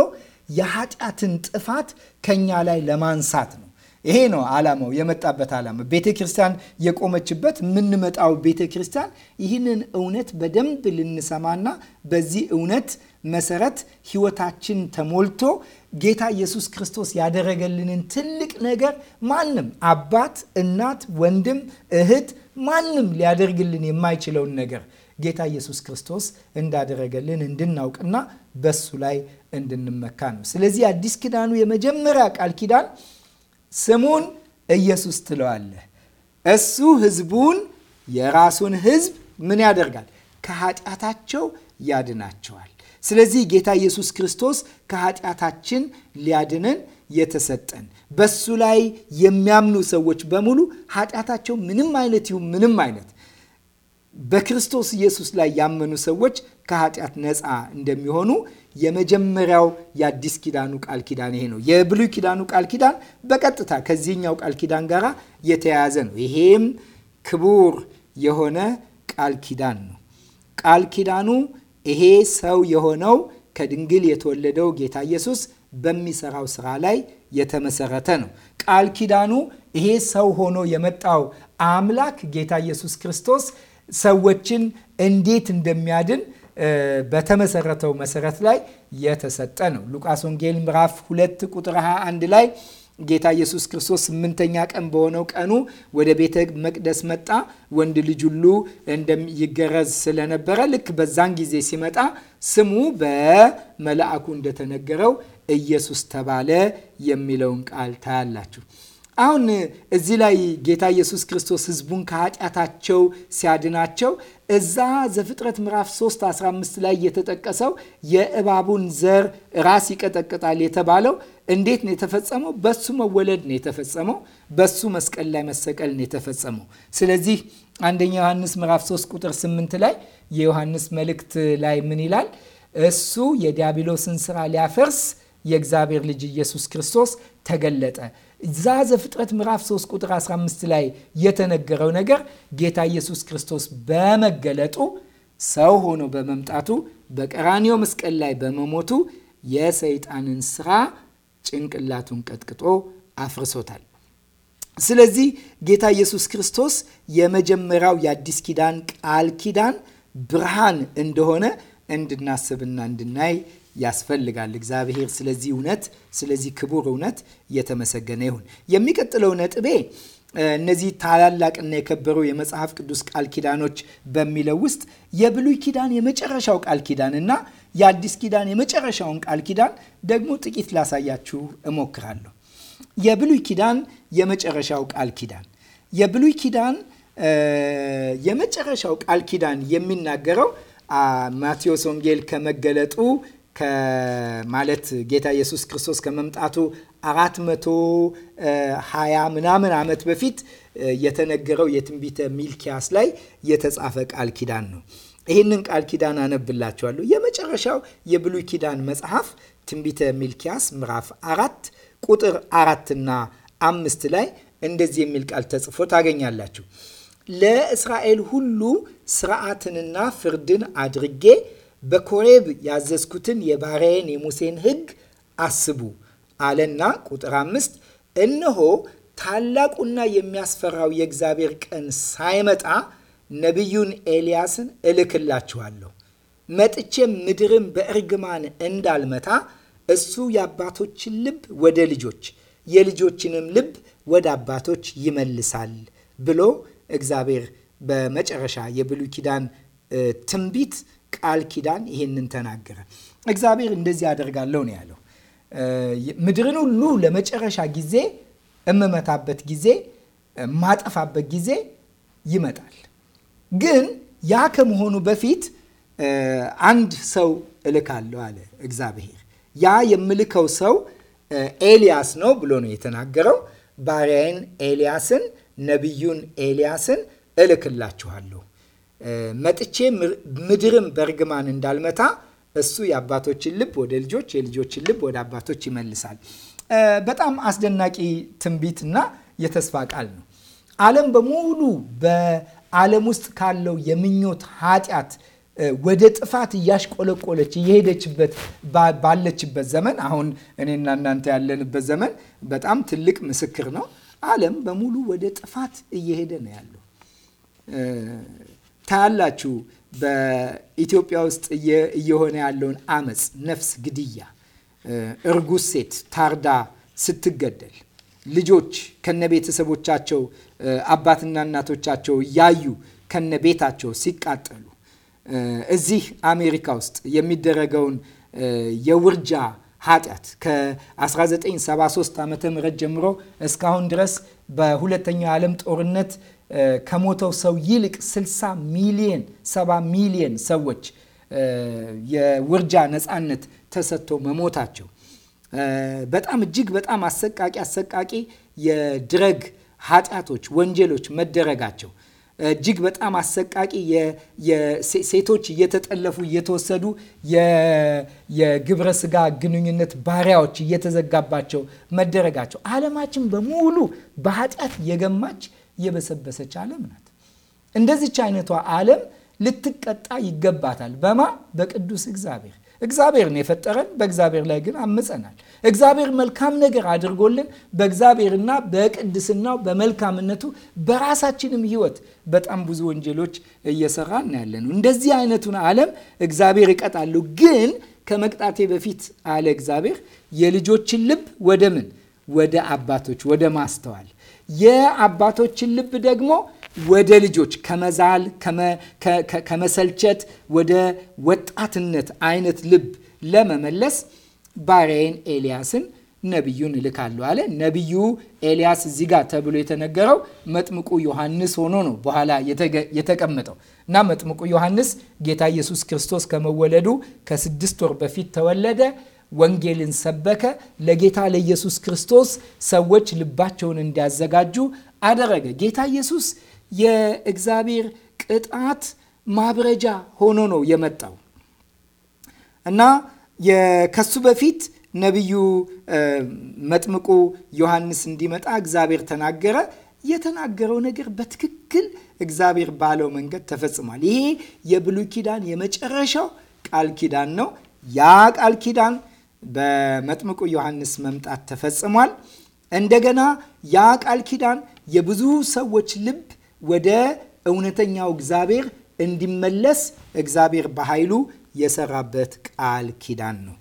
የኃጢአትን ጥፋት ከኛ ላይ ለማንሳት ነው። ይሄ ነው ዓላማው፣ የመጣበት ዓላማ ቤተ ክርስቲያን የቆመችበት። የምንመጣው ቤተ ክርስቲያን ይህንን እውነት በደንብ ልንሰማና በዚህ እውነት መሰረት ህይወታችን ተሞልቶ ጌታ ኢየሱስ ክርስቶስ ያደረገልንን ትልቅ ነገር ማንም አባት፣ እናት፣ ወንድም፣ እህት ማንም ሊያደርግልን የማይችለውን ነገር ጌታ ኢየሱስ ክርስቶስ እንዳደረገልን እንድናውቅና በሱ ላይ እንድንመካ ነው። ስለዚህ አዲስ ኪዳኑ የመጀመሪያ ቃል ኪዳን ስሙን ኢየሱስ ትለዋለህ። እሱ ህዝቡን የራሱን ህዝብ ምን ያደርጋል? ከኃጢአታቸው ያድናቸዋል። ስለዚህ ጌታ ኢየሱስ ክርስቶስ ከኃጢአታችን ሊያድነን የተሰጠን በሱ ላይ የሚያምኑ ሰዎች በሙሉ ኃጢአታቸው ምንም አይነት ይሁን ምንም አይነት በክርስቶስ ኢየሱስ ላይ ያመኑ ሰዎች ከኃጢአት ነፃ እንደሚሆኑ የመጀመሪያው የአዲስ ኪዳኑ ቃል ኪዳን ይሄ ነው። የብሉይ ኪዳኑ ቃል ኪዳን በቀጥታ ከዚህኛው ቃል ኪዳን ጋር የተያያዘ ነው። ይሄም ክቡር የሆነ ቃል ኪዳን ነው። ቃል ኪዳኑ ይሄ ሰው የሆነው ከድንግል የተወለደው ጌታ ኢየሱስ በሚሰራው ስራ ላይ የተመሰረተ ነው። ቃል ኪዳኑ ይሄ ሰው ሆኖ የመጣው አምላክ ጌታ ኢየሱስ ክርስቶስ ሰዎችን እንዴት እንደሚያድን በተመሰረተው መሰረት ላይ የተሰጠ ነው። ሉቃስ ወንጌል ምዕራፍ 2 ቁጥር 21 ላይ ጌታ ኢየሱስ ክርስቶስ ስምንተኛ ቀን በሆነው ቀኑ ወደ ቤተ መቅደስ መጣ። ወንድ ልጅ ሁሉ እንደሚገረዝ ስለነበረ ልክ በዛን ጊዜ ሲመጣ ስሙ በመልአኩ እንደተነገረው ኢየሱስ ተባለ የሚለውን ቃል ታያላችሁ። አሁን እዚህ ላይ ጌታ ኢየሱስ ክርስቶስ ህዝቡን ከኃጢአታቸው ሲያድናቸው እዛ ዘፍጥረት ምዕራፍ 3 15 ላይ የተጠቀሰው የእባቡን ዘር ራስ ይቀጠቅጣል የተባለው እንዴት ነው የተፈጸመው? በሱ መወለድ ነው የተፈጸመው። በሱ መስቀል ላይ መሰቀል ነው የተፈጸመው። ስለዚህ አንደኛ ዮሐንስ ምዕራፍ 3 ቁጥር 8 ላይ የዮሐንስ መልእክት ላይ ምን ይላል? እሱ የዲያብሎስን ስራ ሊያፈርስ የእግዚአብሔር ልጅ ኢየሱስ ክርስቶስ ተገለጠ። ዛዘ ፍጥረት ምዕራፍ 3 ቁጥር 15 ላይ የተነገረው ነገር ጌታ ኢየሱስ ክርስቶስ በመገለጡ ሰው ሆኖ በመምጣቱ በቀራኒዮ መስቀል ላይ በመሞቱ የሰይጣንን ስራ ጭንቅላቱን ቀጥቅጦ አፍርሶታል። ስለዚህ ጌታ ኢየሱስ ክርስቶስ የመጀመሪያው የአዲስ ኪዳን ቃል ኪዳን ብርሃን እንደሆነ እንድናስብና እንድናይ ያስፈልጋል። እግዚአብሔር ስለዚህ እውነት፣ ስለዚህ ክቡር እውነት እየተመሰገነ ይሁን። የሚቀጥለው ነጥቤ እነዚህ ታላላቅና የከበሩ የመጽሐፍ ቅዱስ ቃል ኪዳኖች በሚለው ውስጥ የብሉይ ኪዳን የመጨረሻው ቃል ኪዳን እና የአዲስ ኪዳን የመጨረሻውን ቃል ኪዳን ደግሞ ጥቂት ላሳያችሁ እሞክራለሁ። የብሉይ ኪዳን የመጨረሻው ቃል ኪዳን የብሉይ ኪዳን የመጨረሻው ቃል ኪዳን የሚናገረው ማቴዎስ ወንጌል ከመገለጡ ማለት ጌታ ኢየሱስ ክርስቶስ ከመምጣቱ አራት መቶ ሀያ ምናምን ዓመት በፊት የተነገረው የትንቢተ ሚልኪያስ ላይ የተጻፈ ቃል ኪዳን ነው። ይህንን ቃል ኪዳን አነብላችኋለሁ። የመጨረሻው የብሉይ ኪዳን መጽሐፍ ትንቢተ ሚልኪያስ ምዕራፍ አራት ቁጥር አራትና አምስት ላይ እንደዚህ የሚል ቃል ተጽፎ ታገኛላችሁ። ለእስራኤል ሁሉ ስርዓትንና ፍርድን አድርጌ በኮሬብ ያዘዝኩትን የባሪያዬን የሙሴን ሕግ አስቡ አለና ቁጥር አምስት እነሆ ታላቁና የሚያስፈራው የእግዚአብሔር ቀን ሳይመጣ ነቢዩን ኤልያስን እልክላችኋለሁ። መጥቼም ምድርን በእርግማን እንዳልመታ እሱ የአባቶችን ልብ ወደ ልጆች የልጆችንም ልብ ወደ አባቶች ይመልሳል ብሎ እግዚአብሔር በመጨረሻ የብሉይ ኪዳን ትንቢት ቃል ኪዳን ይሄንን ተናገረ። እግዚአብሔር እንደዚህ አደርጋለሁ ነው ያለው። ምድርን ሁሉ ለመጨረሻ ጊዜ እምመታበት ጊዜ ማጠፋበት ጊዜ ይመጣል። ግን ያ ከመሆኑ በፊት አንድ ሰው እልካለሁ አለ እግዚአብሔር። ያ የምልከው ሰው ኤልያስ ነው ብሎ ነው የተናገረው። ባሪያዬን ኤልያስን ነቢዩን ኤልያስን እልክላችኋለሁ መጥቼ ምድርም በእርግማን እንዳልመታ እሱ የአባቶችን ልብ ወደ ልጆች የልጆችን ልብ ወደ አባቶች ይመልሳል። በጣም አስደናቂ እና የተስፋ ቃል ነው። ዓለም በሙሉ በዓለም ውስጥ ካለው የምኞት ኃጢአት ወደ ጥፋት እያሽቆለቆለች እየሄደችበት ባለችበት ዘመን አሁን እኔና እናንተ ያለንበት ዘመን በጣም ትልቅ ምስክር ነው። ዓለም በሙሉ ወደ ጥፋት እየሄደ ነው ያለው። ታያላችሁ በኢትዮጵያ ውስጥ እየሆነ ያለውን አመፅ፣ ነፍስ ግድያ፣ እርጉዝ ሴት ታርዳ ስትገደል፣ ልጆች ከነ ቤተሰቦቻቸው አባትና እናቶቻቸው እያዩ ከነ ቤታቸው ሲቃጠሉ፣ እዚህ አሜሪካ ውስጥ የሚደረገውን የውርጃ ኃጢአት ከ1973 ዓ ም ጀምሮ እስካሁን ድረስ በሁለተኛው የዓለም ጦርነት ከሞተው ሰው ይልቅ 60 ሚሊየን 70 ሚሊየን ሰዎች የውርጃ ነፃነት ተሰጥቶ መሞታቸው በጣም እጅግ በጣም አሰቃቂ አሰቃቂ የድረግ ኃጢአቶች፣ ወንጀሎች መደረጋቸው እጅግ በጣም አሰቃቂ ሴቶች እየተጠለፉ እየተወሰዱ የግብረ ስጋ ግንኙነት ባሪያዎች እየተዘጋባቸው መደረጋቸው ዓለማችን በሙሉ በኃጢአት የገማች የበሰበሰች ዓለም ናት። እንደዚች አይነቷ ዓለም ልትቀጣ ይገባታል። በማ በቅዱስ እግዚአብሔር እግዚአብሔር ነው የፈጠረን። በእግዚአብሔር ላይ ግን አምፀናል። እግዚአብሔር መልካም ነገር አድርጎልን በእግዚአብሔርና በቅድስናው በመልካምነቱ በራሳችንም ሕይወት በጣም ብዙ ወንጀሎች እየሰራን ያለ ነው። እንደዚህ አይነቱን ዓለም እግዚአብሔር እቀጣለሁ። ግን ከመቅጣቴ በፊት አለ እግዚአብሔር የልጆችን ልብ ወደ ምን ወደ አባቶች ወደ ማስተዋል የአባቶችን ልብ ደግሞ ወደ ልጆች ከመዛል ከመሰልቸት ወደ ወጣትነት አይነት ልብ ለመመለስ ባሪያዬን ኤልያስን ነቢዩን እልካለሁ አለ። ነቢዩ ኤልያስ እዚህ ጋር ተብሎ የተነገረው መጥምቁ ዮሐንስ ሆኖ ነው በኋላ የተቀመጠው እና መጥምቁ ዮሐንስ ጌታ ኢየሱስ ክርስቶስ ከመወለዱ ከስድስት ወር በፊት ተወለደ። ወንጌልን ሰበከ። ለጌታ ለኢየሱስ ክርስቶስ ሰዎች ልባቸውን እንዲያዘጋጁ አደረገ። ጌታ ኢየሱስ የእግዚአብሔር ቅጣት ማብረጃ ሆኖ ነው የመጣው እና ከሱ በፊት ነቢዩ መጥምቁ ዮሐንስ እንዲመጣ እግዚአብሔር ተናገረ። የተናገረው ነገር በትክክል እግዚአብሔር ባለው መንገድ ተፈጽሟል። ይሄ የብሉይ ኪዳን የመጨረሻው ቃል ኪዳን ነው። ያ ቃል ኪዳን በመጥምቁ ዮሐንስ መምጣት ተፈጽሟል። እንደገና ያ ቃል ኪዳን የብዙ ሰዎች ልብ ወደ እውነተኛው እግዚአብሔር እንዲመለስ እግዚአብሔር በኃይሉ የሰራበት ቃል ኪዳን ነው።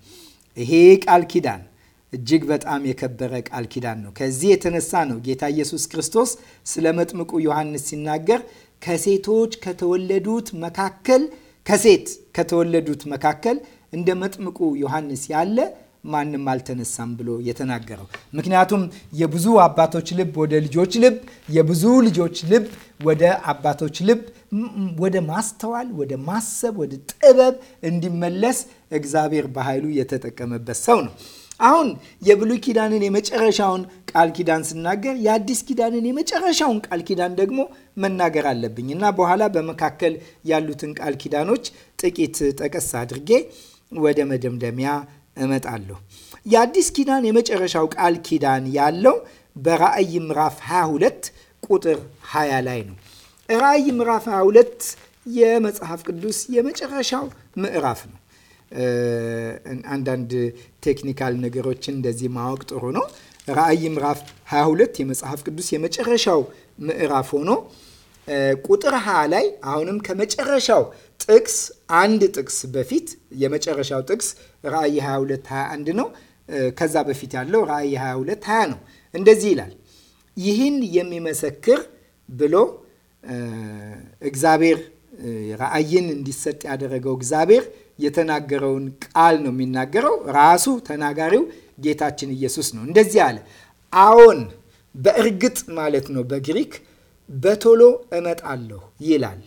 ይሄ ቃል ኪዳን እጅግ በጣም የከበረ ቃል ኪዳን ነው። ከዚህ የተነሳ ነው ጌታ ኢየሱስ ክርስቶስ ስለ መጥምቁ ዮሐንስ ሲናገር ከሴቶች ከተወለዱት መካከል ከሴት ከተወለዱት መካከል እንደ መጥምቁ ዮሐንስ ያለ ማንም አልተነሳም ብሎ የተናገረው። ምክንያቱም የብዙ አባቶች ልብ ወደ ልጆች ልብ፣ የብዙ ልጆች ልብ ወደ አባቶች ልብ፣ ወደ ማስተዋል፣ ወደ ማሰብ፣ ወደ ጥበብ እንዲመለስ እግዚአብሔር በኃይሉ የተጠቀመበት ሰው ነው። አሁን የብሉይ ኪዳንን የመጨረሻውን ቃል ኪዳን ስናገር የአዲስ ኪዳንን የመጨረሻውን ቃል ኪዳን ደግሞ መናገር አለብኝ እና በኋላ በመካከል ያሉትን ቃል ኪዳኖች ጥቂት ጠቀስ አድርጌ ወደ መደምደሚያ እመጣለሁ። የአዲስ ኪዳን የመጨረሻው ቃል ኪዳን ያለው በራእይ ምዕራፍ 22 ቁጥር 20 ላይ ነው። ራእይ ምዕራፍ 22 የመጽሐፍ ቅዱስ የመጨረሻው ምዕራፍ ነው። አንዳንድ ቴክኒካል ነገሮችን እንደዚህ ማወቅ ጥሩ ነው። ራእይ ምዕራፍ 22 የመጽሐፍ ቅዱስ የመጨረሻው ምዕራፍ ሆኖ ቁጥር 20 ላይ አሁንም ከመጨረሻው ጥቅስ አንድ ጥቅስ በፊት የመጨረሻው ጥቅስ ራእይ 22 21 ነው። ከዛ በፊት ያለው ራእይ 22 20 ነው። እንደዚህ ይላል ይህን የሚመሰክር ብሎ እግዚአብሔር ራእይን እንዲሰጥ ያደረገው እግዚአብሔር የተናገረውን ቃል ነው የሚናገረው። ራሱ ተናጋሪው ጌታችን ኢየሱስ ነው። እንደዚህ አለ። አዎን በእርግጥ ማለት ነው በግሪክ በቶሎ እመጣለሁ ይላል።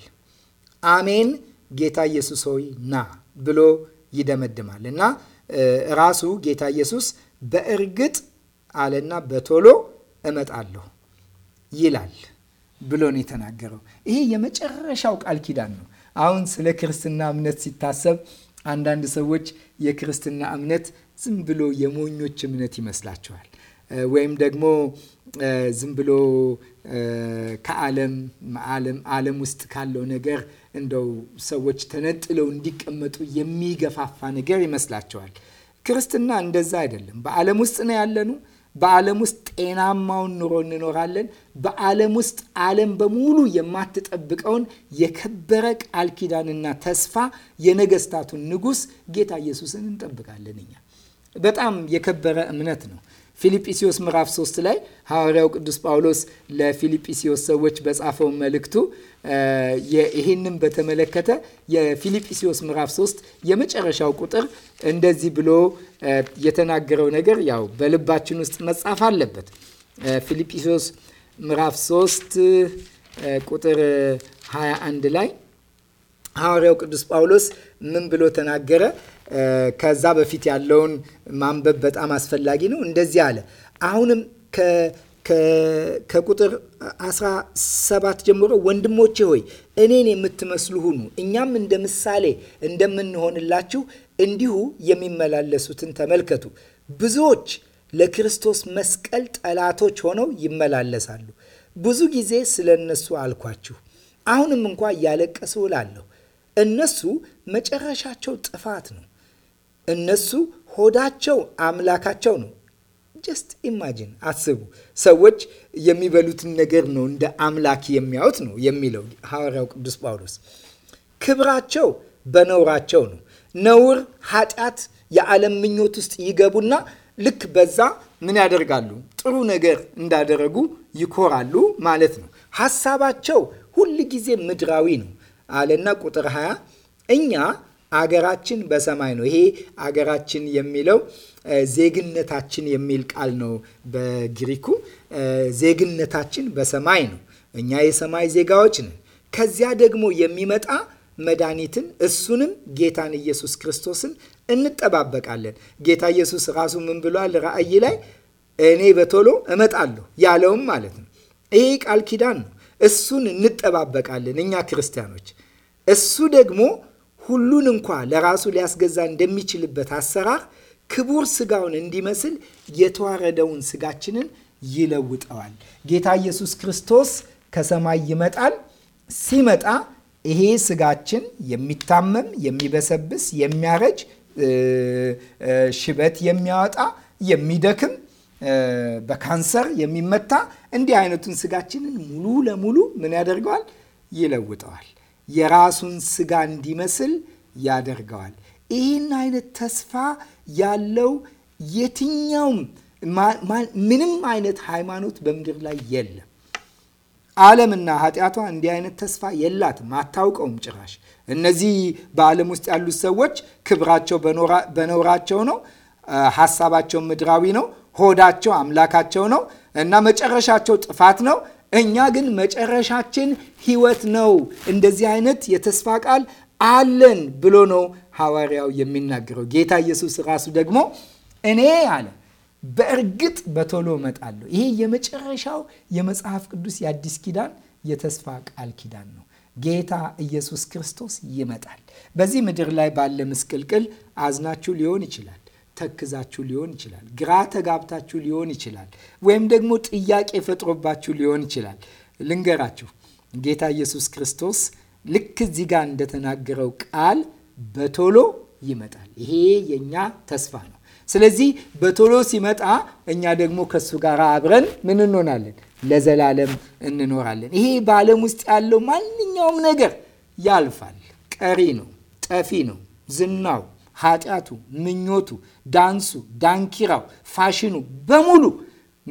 አሜን ጌታ ኢየሱስ ሆይ ና ብሎ ይደመድማል እና ራሱ ጌታ ኢየሱስ በእርግጥ አለና በቶሎ እመጣለሁ ይላል ብሎ ነው የተናገረው። ይሄ የመጨረሻው ቃል ኪዳን ነው። አሁን ስለ ክርስትና እምነት ሲታሰብ አንዳንድ ሰዎች የክርስትና እምነት ዝም ብሎ የሞኞች እምነት ይመስላቸዋል። ወይም ደግሞ ዝም ብሎ ከዓለም ዓለም ውስጥ ካለው ነገር እንደው ሰዎች ተነጥለው እንዲቀመጡ የሚገፋፋ ነገር ይመስላቸዋል። ክርስትና እንደዛ አይደለም። በዓለም ውስጥ ነው ያለኑ። በዓለም ውስጥ ጤናማውን ኑሮ እንኖራለን። በዓለም ውስጥ ዓለም በሙሉ የማትጠብቀውን የከበረ ቃል ኪዳንና ተስፋ የነገስታቱን ንጉስ ጌታ ኢየሱስን እንጠብቃለን። እኛ በጣም የከበረ እምነት ነው። ፊልጵስዩስ ምዕራፍ 3 ላይ ሐዋርያው ቅዱስ ጳውሎስ ለፊልጵስዩስ ሰዎች በጻፈው መልእክቱ ይህንም በተመለከተ የፊልጵስዩስ ምዕራፍ 3 የመጨረሻው ቁጥር እንደዚህ ብሎ የተናገረው ነገር ያው በልባችን ውስጥ መጻፍ አለበት። ፊልጵስዩስ ምዕራፍ 3 ቁጥር 21 ላይ ሐዋርያው ቅዱስ ጳውሎስ ምን ብሎ ተናገረ? ከዛ በፊት ያለውን ማንበብ በጣም አስፈላጊ ነው። እንደዚህ አለ። አሁንም ከቁጥር 17 ጀምሮ ወንድሞቼ ሆይ እኔን የምትመስሉ ሁኑ፣ እኛም እንደ ምሳሌ እንደምንሆንላችሁ እንዲሁ የሚመላለሱትን ተመልከቱ። ብዙዎች ለክርስቶስ መስቀል ጠላቶች ሆነው ይመላለሳሉ። ብዙ ጊዜ ስለ እነሱ አልኳችሁ፣ አሁንም እንኳ እያለቀሱ እላለሁ። እነሱ መጨረሻቸው ጥፋት ነው። እነሱ ሆዳቸው አምላካቸው ነው። ጀስት ኢማጂን አስቡ። ሰዎች የሚበሉትን ነገር ነው እንደ አምላክ የሚያዩት ነው የሚለው ሐዋርያው ቅዱስ ጳውሎስ። ክብራቸው በነውራቸው ነው። ነውር፣ ኃጢአት፣ የዓለም ምኞት ውስጥ ይገቡና ልክ በዛ ምን ያደርጋሉ? ጥሩ ነገር እንዳደረጉ ይኮራሉ ማለት ነው። ሀሳባቸው ሁል ጊዜ ምድራዊ ነው አለና ቁጥር 20 እኛ አገራችን በሰማይ ነው። ይሄ አገራችን የሚለው ዜግነታችን የሚል ቃል ነው። በግሪኩ ዜግነታችን በሰማይ ነው። እኛ የሰማይ ዜጋዎች ነን። ከዚያ ደግሞ የሚመጣ መድኃኒትን እሱንም ጌታን ኢየሱስ ክርስቶስን እንጠባበቃለን። ጌታ ኢየሱስ ራሱ ምን ብሏል? ራእይ ላይ እኔ በቶሎ እመጣለሁ ያለውም ማለት ነው። ይሄ ቃል ኪዳን ነው። እሱን እንጠባበቃለን እኛ ክርስቲያኖች። እሱ ደግሞ ሁሉን እንኳ ለራሱ ሊያስገዛ እንደሚችልበት አሰራር ክቡር ስጋውን እንዲመስል የተዋረደውን ስጋችንን ይለውጠዋል። ጌታ ኢየሱስ ክርስቶስ ከሰማይ ይመጣል። ሲመጣ ይሄ ስጋችን የሚታመም የሚበሰብስ፣ የሚያረጅ፣ ሽበት የሚያወጣ፣ የሚደክም፣ በካንሰር የሚመታ እንዲህ አይነቱን ስጋችንን ሙሉ ለሙሉ ምን ያደርገዋል? ይለውጠዋል። የራሱን ስጋ እንዲመስል ያደርገዋል። ይህን አይነት ተስፋ ያለው የትኛውም ምንም አይነት ሃይማኖት በምድር ላይ የለም። ዓለምና ኃጢአቷ እንዲህ አይነት ተስፋ የላትም፣ አታውቀውም ጭራሽ። እነዚህ በዓለም ውስጥ ያሉት ሰዎች ክብራቸው በኖራቸው ነው። ሀሳባቸው ምድራዊ ነው። ሆዳቸው አምላካቸው ነው እና መጨረሻቸው ጥፋት ነው። እኛ ግን መጨረሻችን ህይወት ነው። እንደዚህ አይነት የተስፋ ቃል አለን ብሎ ነው ሐዋርያው የሚናገረው። ጌታ ኢየሱስ ራሱ ደግሞ እኔ አለ በእርግጥ በቶሎ እመጣለሁ። ይሄ የመጨረሻው የመጽሐፍ ቅዱስ የአዲስ ኪዳን የተስፋ ቃል ኪዳን ነው። ጌታ ኢየሱስ ክርስቶስ ይመጣል። በዚህ ምድር ላይ ባለ ምስቅልቅል አዝናችሁ ሊሆን ይችላል። ተክዛችሁ ሊሆን ይችላል። ግራ ተጋብታችሁ ሊሆን ይችላል። ወይም ደግሞ ጥያቄ ፈጥሮባችሁ ሊሆን ይችላል። ልንገራችሁ፣ ጌታ ኢየሱስ ክርስቶስ ልክ እዚህ ጋር እንደተናገረው ቃል በቶሎ ይመጣል። ይሄ የእኛ ተስፋ ነው። ስለዚህ በቶሎ ሲመጣ እኛ ደግሞ ከእሱ ጋር አብረን ምን እንሆናለን? ለዘላለም እንኖራለን። ይሄ በዓለም ውስጥ ያለው ማንኛውም ነገር ያልፋል። ቀሪ ነው፣ ጠፊ ነው፣ ዝናው ኃጢአቱ፣ ምኞቱ፣ ዳንሱ፣ ዳንኪራው፣ ፋሽኑ በሙሉ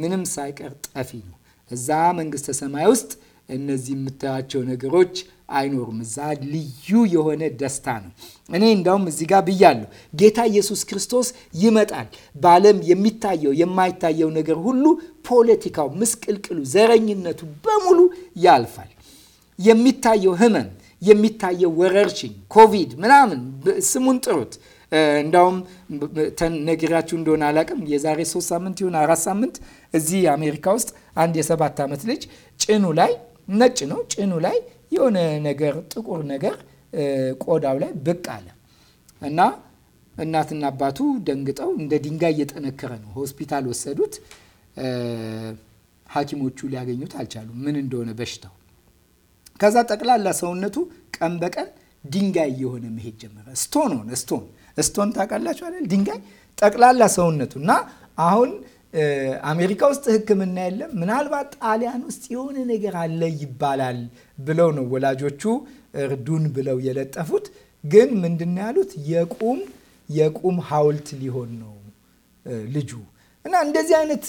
ምንም ሳይቀር ጠፊ ነው። እዛ መንግስተ ሰማይ ውስጥ እነዚህ የምታያቸው ነገሮች አይኖሩም። እዛ ልዩ የሆነ ደስታ ነው። እኔ እንዳውም እዚህ ጋር ብያለሁ፣ ጌታ ኢየሱስ ክርስቶስ ይመጣል። በዓለም የሚታየው የማይታየው ነገር ሁሉ ፖለቲካው፣ ምስቅልቅሉ፣ ዘረኝነቱ በሙሉ ያልፋል። የሚታየው ህመም፣ የሚታየው ወረርሽኝ፣ ኮቪድ ምናምን ስሙን ጥሩት እንዳውም ነግራችሁ እንደሆነ አላቅም የዛሬ ሶስት ሳምንት ይሁን አራት ሳምንት እዚህ አሜሪካ ውስጥ አንድ የሰባት ዓመት ልጅ ጭኑ ላይ ነጭ ነው፣ ጭኑ ላይ የሆነ ነገር ጥቁር ነገር ቆዳው ላይ ብቅ አለ እና እናትና አባቱ ደንግጠው እንደ ድንጋይ እየጠነከረ ነው ሆስፒታል ወሰዱት። ሐኪሞቹ ሊያገኙት አልቻሉ ምን እንደሆነ በሽታው። ከዛ ጠቅላላ ሰውነቱ ቀን በቀን ድንጋይ እየሆነ መሄድ ጀመረ። ስቶን ሆነ ስቶን ስቶን ታውቃላችሁ አይደል? ድንጋይ ጠቅላላ ሰውነቱ እና አሁን አሜሪካ ውስጥ ሕክምና የለም። ምናልባት ጣሊያን ውስጥ የሆነ ነገር አለ ይባላል ብለው ነው ወላጆቹ እርዱን ብለው የለጠፉት። ግን ምንድን ያሉት? የቁም የቁም ሐውልት ሊሆን ነው ልጁ እና እንደዚህ አይነት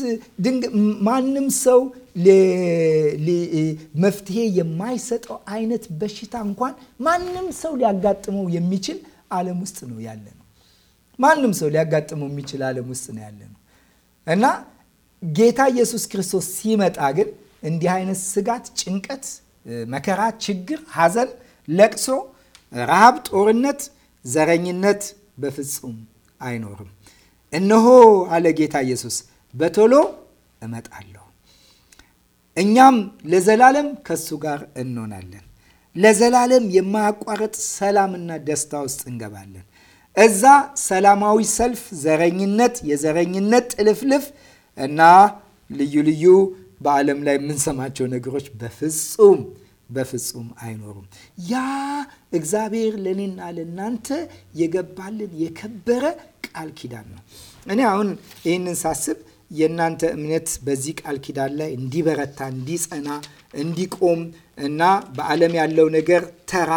ማንም ሰው መፍትሄ የማይሰጠው አይነት በሽታ እንኳን ማንም ሰው ሊያጋጥመው የሚችል ዓለም ውስጥ ነው ያለ ነው። ማንም ሰው ሊያጋጥመው የሚችል ዓለም ውስጥ ነው ያለ ነው እና ጌታ ኢየሱስ ክርስቶስ ሲመጣ ግን እንዲህ አይነት ስጋት፣ ጭንቀት፣ መከራ፣ ችግር፣ ሐዘን፣ ለቅሶ፣ ረሃብ፣ ጦርነት፣ ዘረኝነት በፍጹም አይኖርም። እነሆ አለ ጌታ ኢየሱስ በቶሎ እመጣለሁ፣ እኛም ለዘላለም ከሱ ጋር እንሆናለን። ለዘላለም የማያቋርጥ ሰላምና ደስታ ውስጥ እንገባለን። እዛ ሰላማዊ ሰልፍ፣ ዘረኝነት፣ የዘረኝነት ጥልፍልፍ እና ልዩ ልዩ በዓለም ላይ የምንሰማቸው ነገሮች በፍጹም በፍጹም አይኖሩም። ያ እግዚአብሔር ለእኔና ለእናንተ የገባልን የከበረ ቃል ኪዳን ነው። እኔ አሁን ይህንን ሳስብ የእናንተ እምነት በዚህ ቃል ኪዳን ላይ እንዲበረታ፣ እንዲጸና፣ እንዲቆም እና በዓለም ያለው ነገር ተራ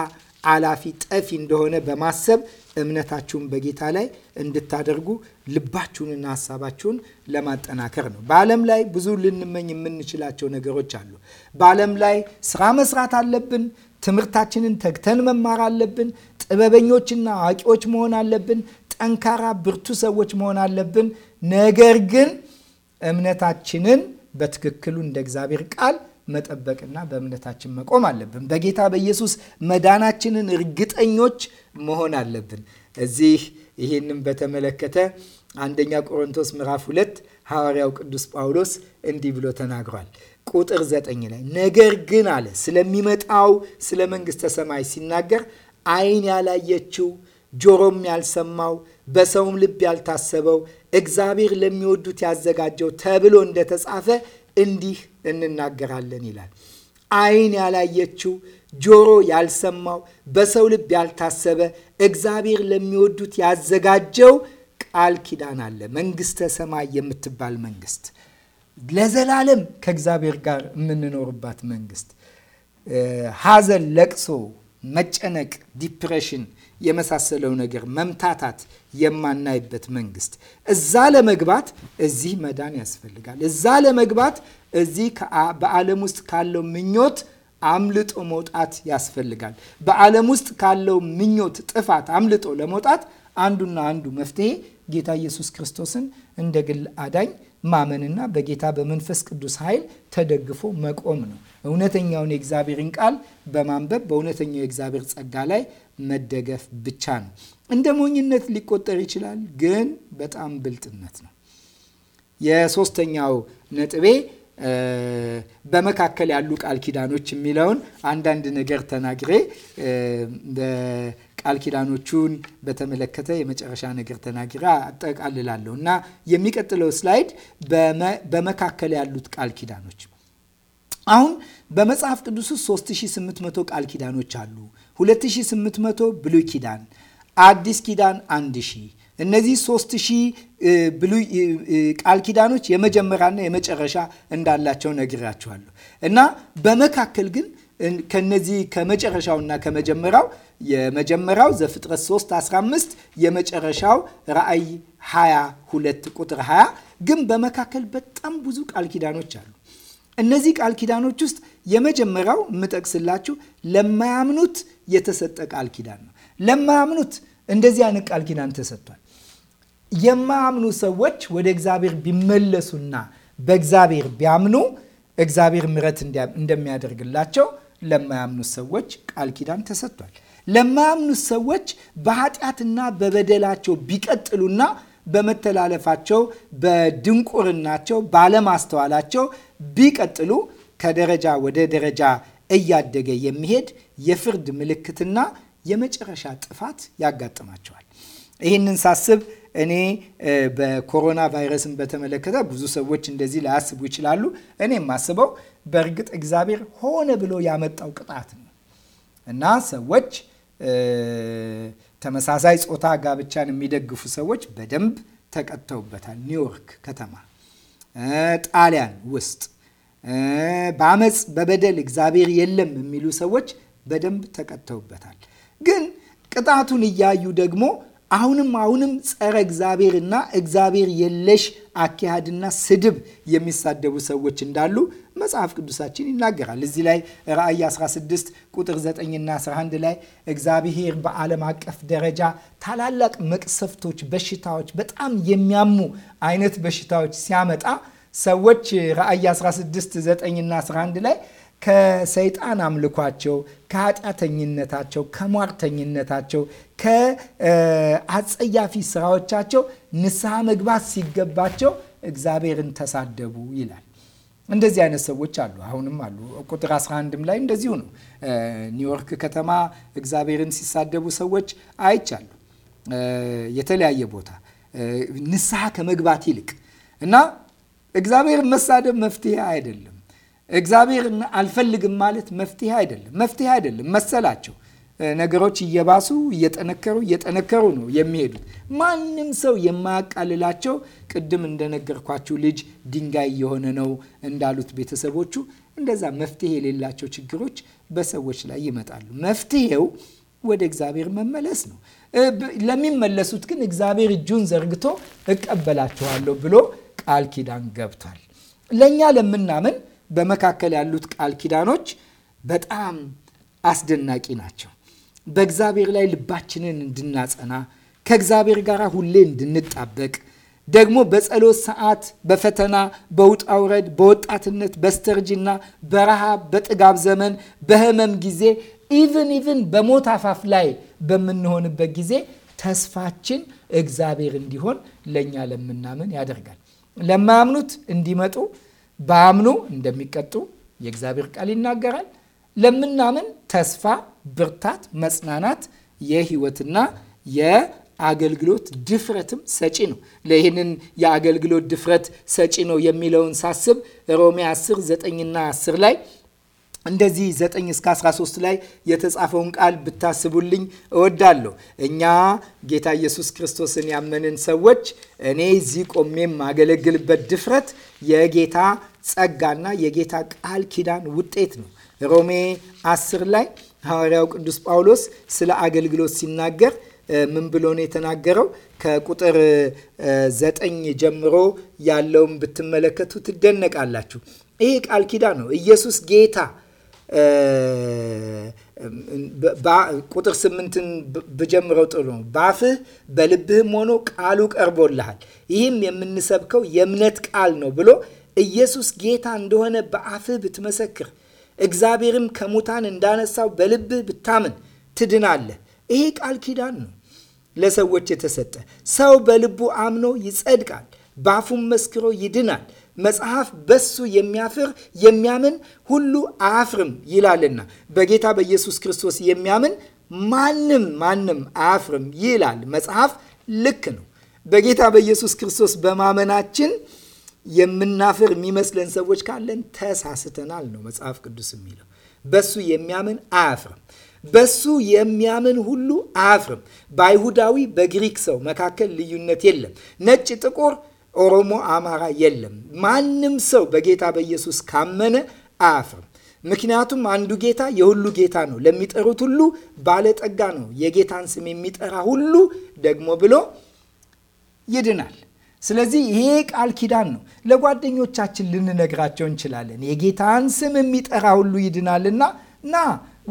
አላፊ ጠፊ እንደሆነ በማሰብ እምነታችሁን በጌታ ላይ እንድታደርጉ ልባችሁንና ሀሳባችሁን ለማጠናከር ነው። በዓለም ላይ ብዙ ልንመኝ የምንችላቸው ነገሮች አሉ። በዓለም ላይ ስራ መስራት አለብን። ትምህርታችንን ተግተን መማር አለብን። ጥበበኞችና አዋቂዎች መሆን አለብን። ጠንካራ ብርቱ ሰዎች መሆን አለብን። ነገር ግን እምነታችንን በትክክሉ እንደ እግዚአብሔር ቃል መጠበቅና በእምነታችን መቆም አለብን። በጌታ በኢየሱስ መዳናችንን እርግጠኞች መሆን አለብን። እዚህ ይህንም በተመለከተ አንደኛ ቆሮንቶስ ምዕራፍ ሁለት ሐዋርያው ቅዱስ ጳውሎስ እንዲህ ብሎ ተናግሯል። ቁጥር ዘጠኝ ላይ ነገር ግን አለ ስለሚመጣው ስለ መንግሥተ ሰማይ ሲናገር ዓይን ያላየችው ጆሮም ያልሰማው በሰውም ልብ ያልታሰበው እግዚአብሔር ለሚወዱት ያዘጋጀው ተብሎ እንደተጻፈ እንዲህ እንናገራለን ይላል። ዓይን ያላየችው ጆሮ ያልሰማው በሰው ልብ ያልታሰበ እግዚአብሔር ለሚወዱት ያዘጋጀው ቃል ኪዳን አለ። መንግስተ ሰማይ የምትባል መንግስት ለዘላለም ከእግዚአብሔር ጋር የምንኖርባት መንግስት ሐዘን፣ ለቅሶ፣ መጨነቅ፣ ዲፕሬሽን የመሳሰለው ነገር መምታታት የማናይበት መንግስት እዛ ለመግባት እዚህ መዳን ያስፈልጋል። እዛ ለመግባት እዚህ በዓለም ውስጥ ካለው ምኞት አምልጦ መውጣት ያስፈልጋል። በዓለም ውስጥ ካለው ምኞት ጥፋት አምልጦ ለመውጣት አንዱና አንዱ መፍትሄ ጌታ ኢየሱስ ክርስቶስን እንደ ግል አዳኝ ማመንና በጌታ በመንፈስ ቅዱስ ኃይል ተደግፎ መቆም ነው። እውነተኛውን የእግዚአብሔርን ቃል በማንበብ በእውነተኛው የእግዚአብሔር ጸጋ ላይ መደገፍ ብቻ ነው። እንደ ሞኝነት ሊቆጠር ይችላል፣ ግን በጣም ብልጥነት ነው። የሶስተኛው ነጥቤ በመካከል ያሉ ቃል ኪዳኖች የሚለውን አንዳንድ ነገር ተናግሬ ቃል ኪዳኖቹን በተመለከተ የመጨረሻ ነገር ተናግሬ አጠቃልላለሁ እና የሚቀጥለው ስላይድ በመካከል ያሉት ቃል ኪዳኖች አሁን በመጽሐፍ ቅዱስ ውስጥ 3800 ቃል ኪዳኖች አሉ። 2800 ብሉይ ኪዳን፣ አዲስ ኪዳን 1000 እነዚህ ሶስት ሺህ ብሉይ ቃል ኪዳኖች የመጀመሪያና የመጨረሻ እንዳላቸው ነግራችኋለሁ እና በመካከል ግን ከነዚህ ከመጨረሻውና ከመጀመሪያው የመጀመሪያው ዘፍጥረት 3 15 የመጨረሻው ራእይ 22 ቁጥር 20 ግን በመካከል በጣም ብዙ ቃል ኪዳኖች አሉ። እነዚህ ቃል ኪዳኖች ውስጥ የመጀመሪያው የምጠቅስላችሁ ለማያምኑት የተሰጠ ቃል ኪዳን ነው። ለማያምኑት እንደዚህ አይነት ቃል ኪዳን ተሰጥቷል። የማያምኑ ሰዎች ወደ እግዚአብሔር ቢመለሱና በእግዚአብሔር ቢያምኑ እግዚአብሔር ምረት እንደሚያደርግላቸው ለማያምኑት ሰዎች ቃል ኪዳን ተሰጥቷል። ለማያምኑት ሰዎች በኃጢአትና በበደላቸው ቢቀጥሉና በመተላለፋቸው፣ በድንቁርናቸው፣ ባለማስተዋላቸው ቢቀጥሉ ከደረጃ ወደ ደረጃ እያደገ የሚሄድ የፍርድ ምልክትና የመጨረሻ ጥፋት ያጋጥማቸዋል። ይህንን ሳስብ እኔ በኮሮና ቫይረስን በተመለከተ ብዙ ሰዎች እንደዚህ ላያስቡ ይችላሉ። እኔ የማስበው በእርግጥ እግዚአብሔር ሆነ ብሎ ያመጣው ቅጣት ነው እና ሰዎች ተመሳሳይ ጾታ ጋብቻን የሚደግፉ ሰዎች በደንብ ተቀጥተውበታል። ኒውዮርክ ከተማ፣ ጣሊያን ውስጥ በአመፅ በበደል እግዚአብሔር የለም የሚሉ ሰዎች በደንብ ተቀጥተውበታል። ግን ቅጣቱን እያዩ ደግሞ አሁንም አሁንም ጸረ እግዚአብሔርና እግዚአብሔር የለሽ አካሄድና ስድብ የሚሳደቡ ሰዎች እንዳሉ መጽሐፍ ቅዱሳችን ይናገራል። እዚህ ላይ ራእይ 16 ቁጥር 9ና 11 ላይ እግዚአብሔር በዓለም አቀፍ ደረጃ ታላላቅ መቅሰፍቶች፣ በሽታዎች፣ በጣም የሚያሙ አይነት በሽታዎች ሲያመጣ ሰዎች ራእይ 16 9ና 11 ላይ ከሰይጣን አምልኳቸው፣ ከኃጢአተኝነታቸው፣ ከሟርተኝነታቸው፣ ከአጸያፊ ስራዎቻቸው ንስሐ መግባት ሲገባቸው እግዚአብሔርን ተሳደቡ ይላል። እንደዚህ አይነት ሰዎች አሉ፣ አሁንም አሉ። ቁጥር 11ም ላይ እንደዚሁ ነው። ኒውዮርክ ከተማ እግዚአብሔርን ሲሳደቡ ሰዎች አይቻሉ፣ የተለያየ ቦታ ንስሐ ከመግባት ይልቅ እና እግዚአብሔርን መሳደብ መፍትሄ አይደለም። እግዚአብሔር አልፈልግም ማለት መፍትሄ አይደለም። መፍትሄ አይደለም መሰላቸው። ነገሮች እየባሱ እየጠነከሩ እየጠነከሩ ነው የሚሄዱት። ማንም ሰው የማያቃልላቸው ቅድም እንደነገርኳችሁ ልጅ ድንጋይ የሆነ ነው እንዳሉት ቤተሰቦቹ እንደዛ መፍትሄ የሌላቸው ችግሮች በሰዎች ላይ ይመጣሉ። መፍትሄው ወደ እግዚአብሔር መመለስ ነው። ለሚመለሱት ግን እግዚአብሔር እጁን ዘርግቶ እቀበላችኋለሁ ብሎ ቃል ኪዳን ገብቷል። ለእኛ ለምናምን በመካከል ያሉት ቃል ኪዳኖች በጣም አስደናቂ ናቸው። በእግዚአብሔር ላይ ልባችንን እንድናጸና ከእግዚአብሔር ጋር ሁሌ እንድንጣበቅ ደግሞ በጸሎት ሰዓት፣ በፈተና፣ በውጣ ውረድ፣ በወጣትነት፣ በስተርጅና፣ በረሃብ፣ በጥጋብ ዘመን፣ በህመም ጊዜ ኢቭን ኢቭን በሞት አፋፍ ላይ በምንሆንበት ጊዜ ተስፋችን እግዚአብሔር እንዲሆን ለእኛ ለምናምን ያደርጋል። ለማያምኑት እንዲመጡ ባያምኑ እንደሚቀጡ የእግዚአብሔር ቃል ይናገራል። ለምናምን ተስፋ፣ ብርታት፣ መጽናናት የህይወትና የአገልግሎት ድፍረትም ሰጪ ነው። ለይህንን የአገልግሎት ድፍረት ሰጪ ነው የሚለውን ሳስብ ሮሜ 10 9ና 10 ላይ እንደዚህ 9 እስከ 13 ላይ የተጻፈውን ቃል ብታስቡልኝ እወዳለሁ። እኛ ጌታ ኢየሱስ ክርስቶስን ያመንን ሰዎች እኔ እዚህ ቆሜ የማገለግልበት ድፍረት የጌታ ጸጋና የጌታ ቃል ኪዳን ውጤት ነው። ሮሜ 10 ላይ ሐዋርያው ቅዱስ ጳውሎስ ስለ አገልግሎት ሲናገር ምን ብሎ ነው የተናገረው? ከቁጥር ዘጠኝ ጀምሮ ያለውን ብትመለከቱ ትደነቃላችሁ። ይህ ቃል ኪዳን ነው። ኢየሱስ ጌታ ቁጥር ስምንትን ብጀምረው ጥሩ ነው። በአፍህ በልብህም ሆኖ ቃሉ ቀርቦልሃል፣ ይህም የምንሰብከው የእምነት ቃል ነው ብሎ ኢየሱስ ጌታ እንደሆነ በአፍህ ብትመሰክር፣ እግዚአብሔርም ከሙታን እንዳነሳው በልብህ ብታምን ትድናለህ። ይሄ ቃል ኪዳን ነው ለሰዎች የተሰጠ። ሰው በልቡ አምኖ ይጸድቃል፣ በአፉም መስክሮ ይድናል። መጽሐፍ በሱ የሚያፍር የሚያምን ሁሉ አያፍርም ይላልና በጌታ በኢየሱስ ክርስቶስ የሚያምን ማንም ማንም አያፍርም ይላል መጽሐፍ። ልክ ነው። በጌታ በኢየሱስ ክርስቶስ በማመናችን የምናፍር የሚመስለን ሰዎች ካለን ተሳስተናል ነው መጽሐፍ ቅዱስ የሚለው። በሱ የሚያምን አያፍርም። በሱ የሚያምን ሁሉ አያፍርም። በአይሁዳዊ በግሪክ ሰው መካከል ልዩነት የለም። ነጭ፣ ጥቁር፣ ኦሮሞ፣ አማራ የለም። ማንም ሰው በጌታ በኢየሱስ ካመነ አያፍርም። ምክንያቱም አንዱ ጌታ የሁሉ ጌታ ነው፣ ለሚጠሩት ሁሉ ባለጠጋ ነው፣ የጌታን ስም የሚጠራ ሁሉ ደግሞ ብሎ ይድናል። ስለዚህ ይሄ ቃል ኪዳን ነው። ለጓደኞቻችን ልንነግራቸው እንችላለን። የጌታን ስም የሚጠራ ሁሉ ይድናልና ና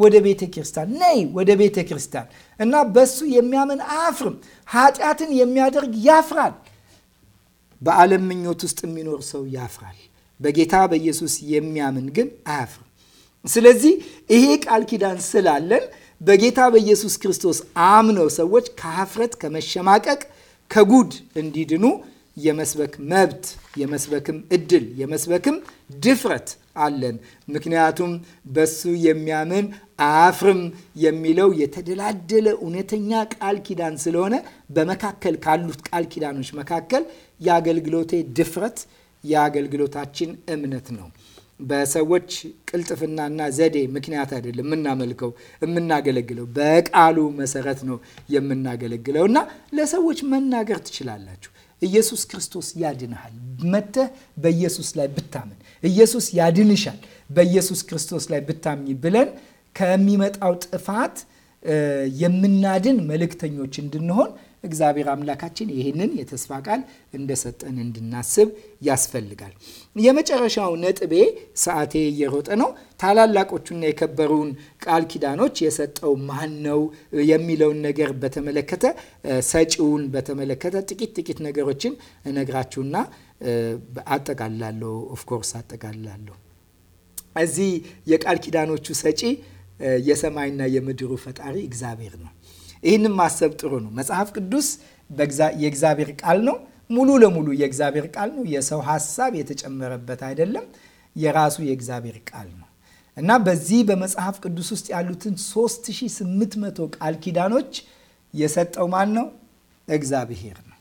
ወደ ቤተ ክርስቲያን ነይ ወደ ቤተ ክርስቲያን እና በሱ የሚያምን አያፍርም። ኃጢአትን የሚያደርግ ያፍራል። በዓለም ምኞት ውስጥ የሚኖር ሰው ያፍራል። በጌታ በኢየሱስ የሚያምን ግን አያፍርም። ስለዚህ ይሄ ቃል ኪዳን ስላለን በጌታ በኢየሱስ ክርስቶስ አምነው ሰዎች ከሀፍረት፣ ከመሸማቀቅ፣ ከጉድ እንዲድኑ የመስበክ መብት፣ የመስበክም እድል፣ የመስበክም ድፍረት አለን። ምክንያቱም በሱ የሚያምን አያፍርም የሚለው የተደላደለ እውነተኛ ቃል ኪዳን ስለሆነ በመካከል ካሉት ቃል ኪዳኖች መካከል የአገልግሎቴ ድፍረት የአገልግሎታችን እምነት ነው። በሰዎች ቅልጥፍናና ዘዴ ምክንያት አይደለም የምናመልከው የምናገለግለው፣ በቃሉ መሰረት ነው የምናገለግለው እና ለሰዎች መናገር ትችላላችሁ ኢየሱስ ክርስቶስ ያድንሃል። መተህ በኢየሱስ ላይ ብታምን ኢየሱስ ያድንሻል፣ በኢየሱስ ክርስቶስ ላይ ብታምኝ ብለን ከሚመጣው ጥፋት የምናድን መልእክተኞች እንድንሆን እግዚአብሔር አምላካችን ይህንን የተስፋ ቃል እንደሰጠን እንድናስብ ያስፈልጋል። የመጨረሻው ነጥቤ፣ ሰዓቴ እየሮጠ ነው። ታላላቆቹና የከበሩን ቃል ኪዳኖች የሰጠው ማን ነው የሚለውን ነገር በተመለከተ ሰጪውን በተመለከተ ጥቂት ጥቂት ነገሮችን እነግራችሁና አጠቃላለሁ። ኦፍኮርስ አጠቃላለሁ። እዚህ የቃል ኪዳኖቹ ሰጪ የሰማይና የምድሩ ፈጣሪ እግዚአብሔር ነው። ይህንም ማሰብ ጥሩ ነው። መጽሐፍ ቅዱስ የእግዚአብሔር ቃል ነው። ሙሉ ለሙሉ የእግዚአብሔር ቃል ነው። የሰው ሀሳብ የተጨመረበት አይደለም። የራሱ የእግዚአብሔር ቃል ነው እና በዚህ በመጽሐፍ ቅዱስ ውስጥ ያሉትን 3800 ቃል ኪዳኖች የሰጠው ማን ነው? እግዚአብሔር ነው።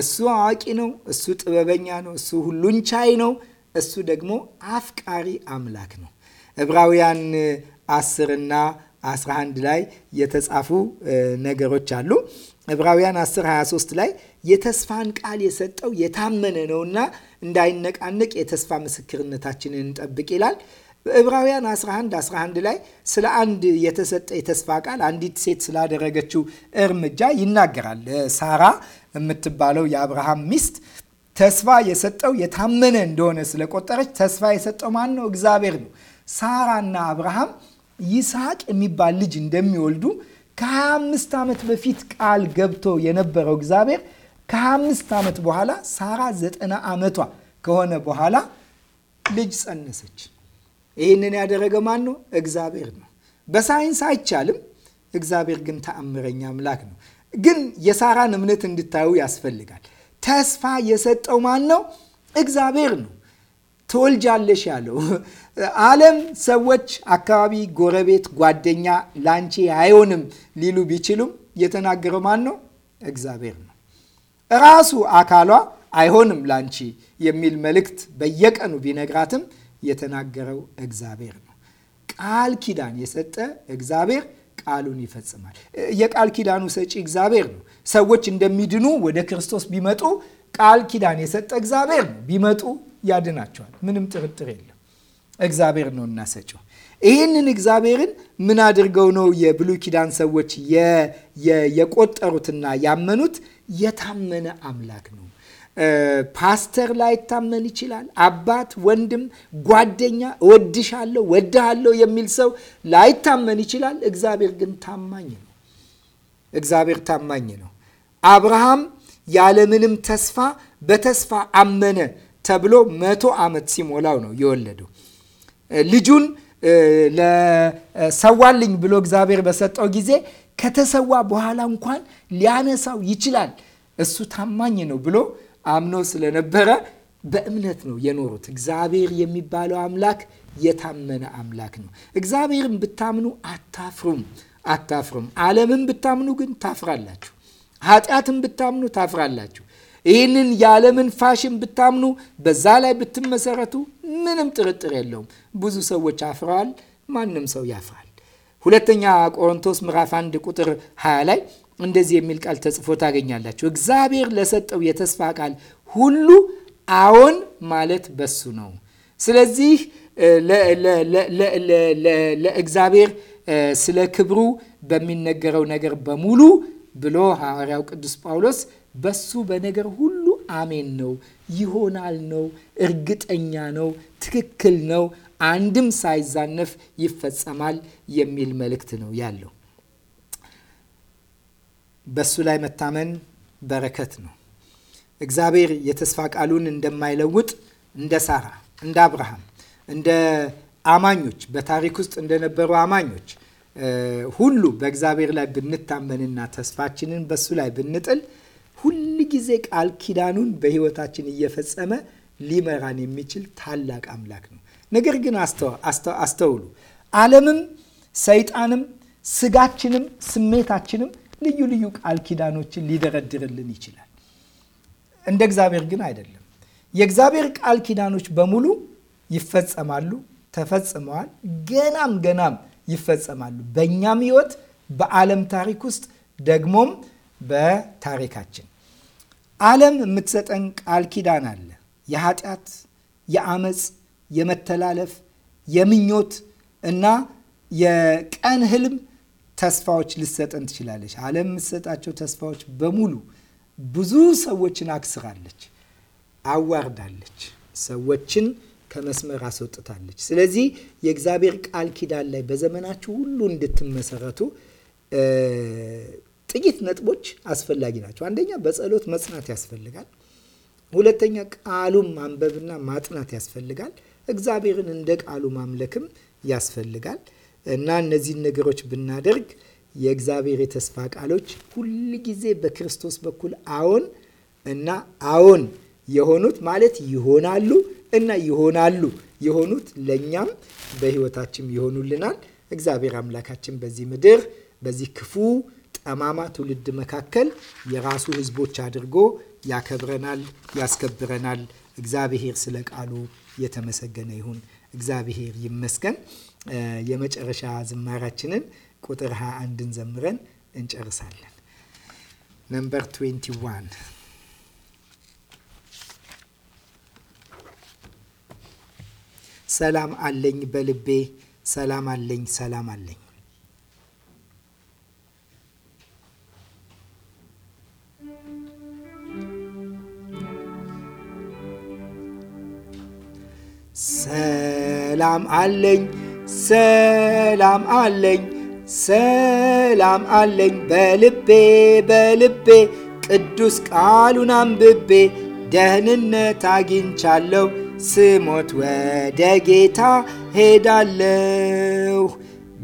እሱ አዋቂ ነው። እሱ ጥበበኛ ነው። እሱ ሁሉን ቻይ ነው። እሱ ደግሞ አፍቃሪ አምላክ ነው። ዕብራውያን አስርና 11 ላይ የተጻፉ ነገሮች አሉ። ዕብራውያን 10 23 ላይ የተስፋን ቃል የሰጠው የታመነ ነውና እንዳይነቃነቅ የተስፋ ምስክርነታችንን እንጠብቅ ይላል። ዕብራውያን 11 11 ላይ ስለ አንድ የተሰጠ የተስፋ ቃል አንዲት ሴት ስላደረገችው እርምጃ ይናገራል። ሳራ የምትባለው የአብርሃም ሚስት ተስፋ የሰጠው የታመነ እንደሆነ ስለቆጠረች ተስፋ የሰጠው ማን ነው? እግዚአብሔር ነው። ሳራና አብርሃም ይስሐቅ የሚባል ልጅ እንደሚወልዱ ከ25 ዓመት በፊት ቃል ገብቶ የነበረው እግዚአብሔር ከ25 ዓመት በኋላ ሳራ ዘጠና ዓመቷ ከሆነ በኋላ ልጅ ጸነሰች። ይህንን ያደረገ ማን ነው? እግዚአብሔር ነው። በሳይንስ አይቻልም። እግዚአብሔር ግን ተአምረኛ አምላክ ነው። ግን የሳራን እምነት እንድታዩ ያስፈልጋል። ተስፋ የሰጠው ማን ነው? እግዚአብሔር ነው። ትወልጃለሽ ያለው ዓለም ሰዎች፣ አካባቢ፣ ጎረቤት፣ ጓደኛ ላንቺ አይሆንም ሊሉ ቢችሉም የተናገረው ማን ነው? እግዚአብሔር ነው። ራሱ አካሏ አይሆንም ላንቺ የሚል መልእክት በየቀኑ ቢነግራትም የተናገረው እግዚአብሔር ነው። ቃል ኪዳን የሰጠ እግዚአብሔር ቃሉን ይፈጽማል። የቃል ኪዳኑ ሰጪ እግዚአብሔር ነው። ሰዎች እንደሚድኑ ወደ ክርስቶስ ቢመጡ ቃል ኪዳን የሰጠ እግዚአብሔር ነው። ቢመጡ ያድናቸዋል። ምንም ጥርጥር የለም። እግዚአብሔር ነው ሰጪው። ይህንን እግዚአብሔርን ምን አድርገው ነው የብሉይ ኪዳን ሰዎች የቆጠሩትና ያመኑት? የታመነ አምላክ ነው። ፓስተር ላይታመን ይችላል። አባት፣ ወንድም፣ ጓደኛ እወድሻለሁ፣ ወድሃለሁ የሚል ሰው ላይታመን ይችላል። እግዚአብሔር ግን ታማኝ ነው። እግዚአብሔር ታማኝ ነው። አብርሃም ያለምንም ተስፋ በተስፋ አመነ ተብሎ መቶ ዓመት ሲሞላው ነው የወለደው። ልጁን ለሰዋልኝ ብሎ እግዚአብሔር በሰጠው ጊዜ ከተሰዋ በኋላ እንኳን ሊያነሳው ይችላል፣ እሱ ታማኝ ነው ብሎ አምኖ ስለነበረ በእምነት ነው የኖሩት። እግዚአብሔር የሚባለው አምላክ የታመነ አምላክ ነው። እግዚአብሔርን ብታምኑ አታፍሩም፣ አታፍሩም። ዓለምን ብታምኑ ግን ታፍራላችሁ። ኃጢአትን ብታምኑ ታፍራላችሁ። ይህንን የዓለምን ፋሽን ብታምኑ፣ በዛ ላይ ብትመሰረቱ ምንም ጥርጥር የለውም። ብዙ ሰዎች አፍረዋል። ማንም ሰው ያፍራል። ሁለተኛ ቆሮንቶስ ምዕራፍ 1 ቁጥር 20 ላይ እንደዚህ የሚል ቃል ተጽፎ ታገኛላችሁ። እግዚአብሔር ለሰጠው የተስፋ ቃል ሁሉ አዎን ማለት በሱ ነው። ስለዚህ ለእግዚአብሔር ስለ ክብሩ በሚነገረው ነገር በሙሉ ብሎ ሐዋርያው ቅዱስ ጳውሎስ በሱ በነገር ሁሉ አሜን ነው፣ ይሆናል ነው፣ እርግጠኛ ነው፣ ትክክል ነው፣ አንድም ሳይዛነፍ ይፈጸማል የሚል መልእክት ነው ያለው። በሱ ላይ መታመን በረከት ነው። እግዚአብሔር የተስፋ ቃሉን እንደማይለውጥ እንደ ሳራ፣ እንደ አብርሃም፣ እንደ አማኞች በታሪክ ውስጥ እንደነበሩ አማኞች ሁሉ በእግዚአብሔር ላይ ብንታመንና ተስፋችንን በሱ ላይ ብንጥል ሁል ጊዜ ቃል ኪዳኑን በህይወታችን እየፈጸመ ሊመራን የሚችል ታላቅ አምላክ ነው። ነገር ግን አስተውሉ፣ ዓለምም ሰይጣንም ስጋችንም ስሜታችንም ልዩ ልዩ ቃል ኪዳኖችን ሊደረድርልን ይችላል። እንደ እግዚአብሔር ግን አይደለም። የእግዚአብሔር ቃል ኪዳኖች በሙሉ ይፈጸማሉ፣ ተፈጽመዋል፣ ገናም ገናም ይፈጸማሉ በእኛም ህይወት በዓለም ታሪክ ውስጥ ደግሞም በታሪካችን ዓለም የምትሰጠን ቃል ኪዳን አለ። የኃጢአት፣ የአመፅ፣ የመተላለፍ፣ የምኞት እና የቀን ህልም ተስፋዎች ልትሰጠን ትችላለች። ዓለም የምትሰጣቸው ተስፋዎች በሙሉ ብዙ ሰዎችን አክስራለች፣ አዋርዳለች፣ ሰዎችን ከመስመር አስወጥታለች። ስለዚህ የእግዚአብሔር ቃል ኪዳን ላይ በዘመናችሁ ሁሉ እንድትመሰረቱ ጥቂት ነጥቦች አስፈላጊ ናቸው። አንደኛ በጸሎት መጽናት ያስፈልጋል። ሁለተኛ ቃሉን ማንበብና ማጥናት ያስፈልጋል። እግዚአብሔርን እንደ ቃሉ ማምለክም ያስፈልጋል እና እነዚህን ነገሮች ብናደርግ የእግዚአብሔር የተስፋ ቃሎች ሁል ጊዜ በክርስቶስ በኩል አዎን እና አዎን የሆኑት ማለት ይሆናሉ እና ይሆናሉ የሆኑት ለእኛም በሕይወታችን ይሆኑልናል። እግዚአብሔር አምላካችን በዚህ ምድር በዚህ ክፉ ጠማማ ትውልድ መካከል የራሱ ህዝቦች አድርጎ ያከብረናል፣ ያስከብረናል። እግዚአብሔር ስለ ቃሉ የተመሰገነ ይሁን። እግዚአብሔር ይመስገን። የመጨረሻ ዝማሪያችንን ቁጥር 21ን ዘምረን እንጨርሳለን። ነምበር 21 ሰላም አለኝ በልቤ ሰላም አለኝ ሰላም አለኝ ሰላም አለኝ ሰላም አለኝ ሰላም አለኝ በልቤ በልቤ ቅዱስ ቃሉን አንብቤ ደህንነት አግኝቻለሁ ስሞት ወደ ጌታ ሄዳለሁ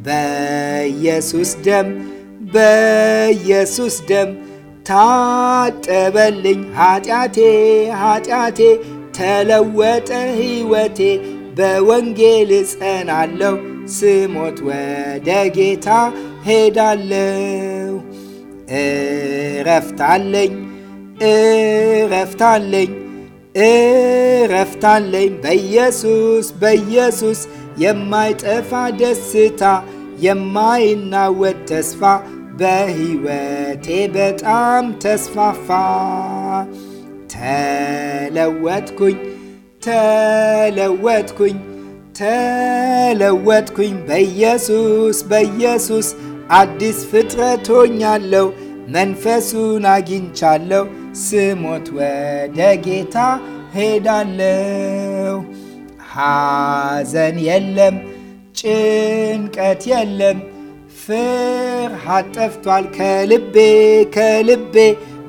በኢየሱስ ደም በኢየሱስ ደም ታጠበልኝ ኃጢአቴ ኃጢአቴ ተለወጠ ሕይወቴ በወንጌል እጸናለሁ ስሞት ወደ ጌታ ሄዳለሁ። እረፍታለኝ እረፍታለኝ እረፍታለኝ በኢየሱስ በኢየሱስ የማይጠፋ ደስታ የማይናወድ ተስፋ በሕይወቴ በጣም ተስፋፋ። ተለወጥኩኝ ተለወጥኩኝ ተለወጥኩኝ በኢየሱስ በኢየሱስ አዲስ ፍጥረት ሆኛለሁ መንፈሱን አግኝቻለሁ ስሞት ወደ ጌታ ሄዳለሁ ሐዘን የለም ጭንቀት የለም ፍርሃት ጠፍቷል ከልቤ ከልቤ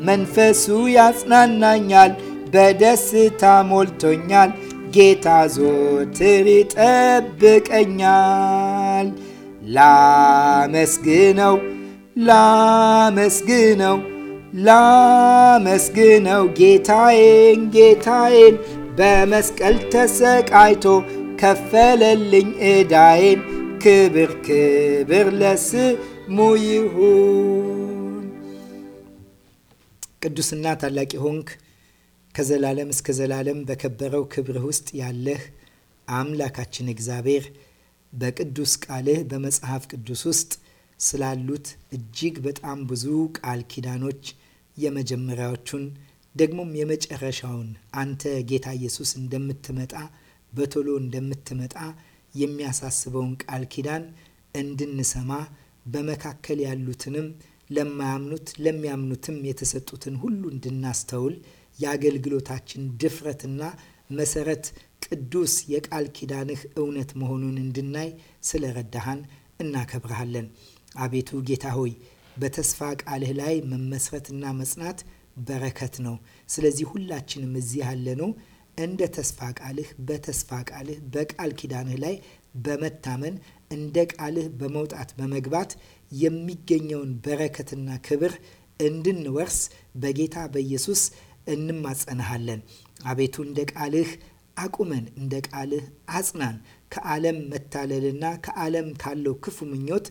መንፈሱ ያጽናናኛል፣ በደስታ ሞልቶኛል። ጌታ ዞትር ይጠብቀኛል። ላመስግነው ላመስግነው ላመስግነው ጌታዬን ጌታዬን በመስቀል ተሰቃይቶ ከፈለልኝ እዳዬን። ክብር ክብር ለስሙ ይሁን። ቅዱስና ታላቂ ሆንክ ከዘላለም እስከ ዘላለም በከበረው ክብርህ ውስጥ ያለህ አምላካችን እግዚአብሔር በቅዱስ ቃልህ በመጽሐፍ ቅዱስ ውስጥ ስላሉት እጅግ በጣም ብዙ ቃል ኪዳኖች የመጀመሪያዎቹን ደግሞም የመጨረሻውን አንተ ጌታ ኢየሱስ እንደምትመጣ በቶሎ እንደምትመጣ የሚያሳስበውን ቃል ኪዳን እንድንሰማ በመካከል ያሉትንም ለማያምኑት ለሚያምኑትም የተሰጡትን ሁሉ እንድናስተውል የአገልግሎታችን ድፍረትና መሰረት ቅዱስ የቃል ኪዳንህ እውነት መሆኑን እንድናይ ስለ ረዳሃን እናከብረሃለን። አቤቱ ጌታ ሆይ በተስፋ ቃልህ ላይ መመስረትና መጽናት በረከት ነው። ስለዚህ ሁላችንም እዚህ ያለነው እንደ ተስፋ ቃልህ በተስፋ ቃልህ በቃል ኪዳንህ ላይ በመታመን እንደ ቃልህ በመውጣት በመግባት የሚገኘውን በረከትና ክብር እንድንወርስ በጌታ በኢየሱስ እንማጸንሃለን። አቤቱ እንደ ቃልህ አቁመን፣ እንደ ቃልህ አጽናን። ከዓለም መታለልና ከዓለም ካለው ክፉ ምኞት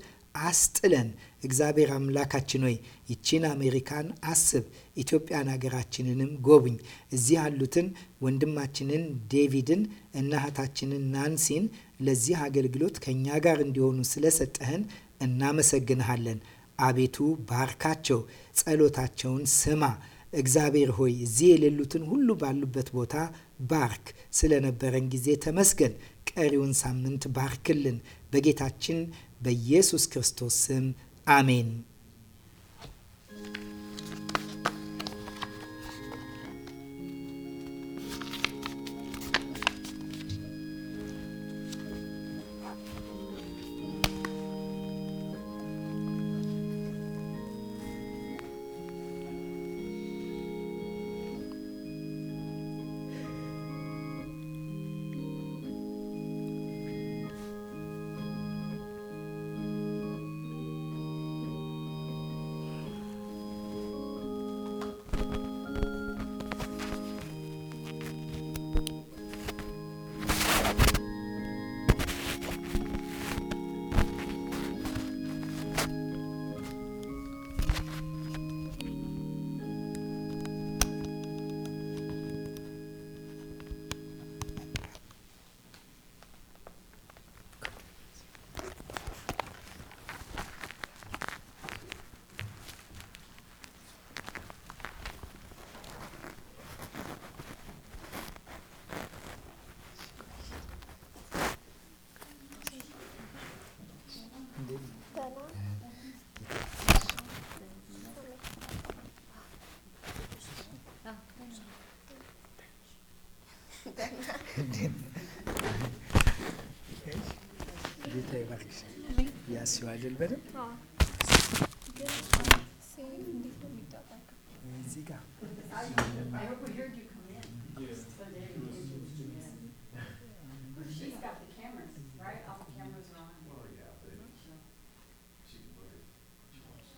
አስጥለን። እግዚአብሔር አምላካችን ሆይ ይቺን አሜሪካን አስብ፣ ኢትዮጵያን ሀገራችንንም ጎብኝ። እዚህ ያሉትን ወንድማችንን ዴቪድን እና እህታችንን ናንሲን ለዚህ አገልግሎት ከእኛ ጋር እንዲሆኑ ስለሰጠህን እናመሰግንሃለን። አቤቱ ባርካቸው፣ ጸሎታቸውን ስማ። እግዚአብሔር ሆይ እዚህ የሌሉትን ሁሉ ባሉበት ቦታ ባርክ። ስለነበረን ጊዜ ተመስገን። ቀሪውን ሳምንት ባርክልን። በጌታችን በኢየሱስ ክርስቶስ ስም አሜን። አይደል? በደንብ እዚህ ጋር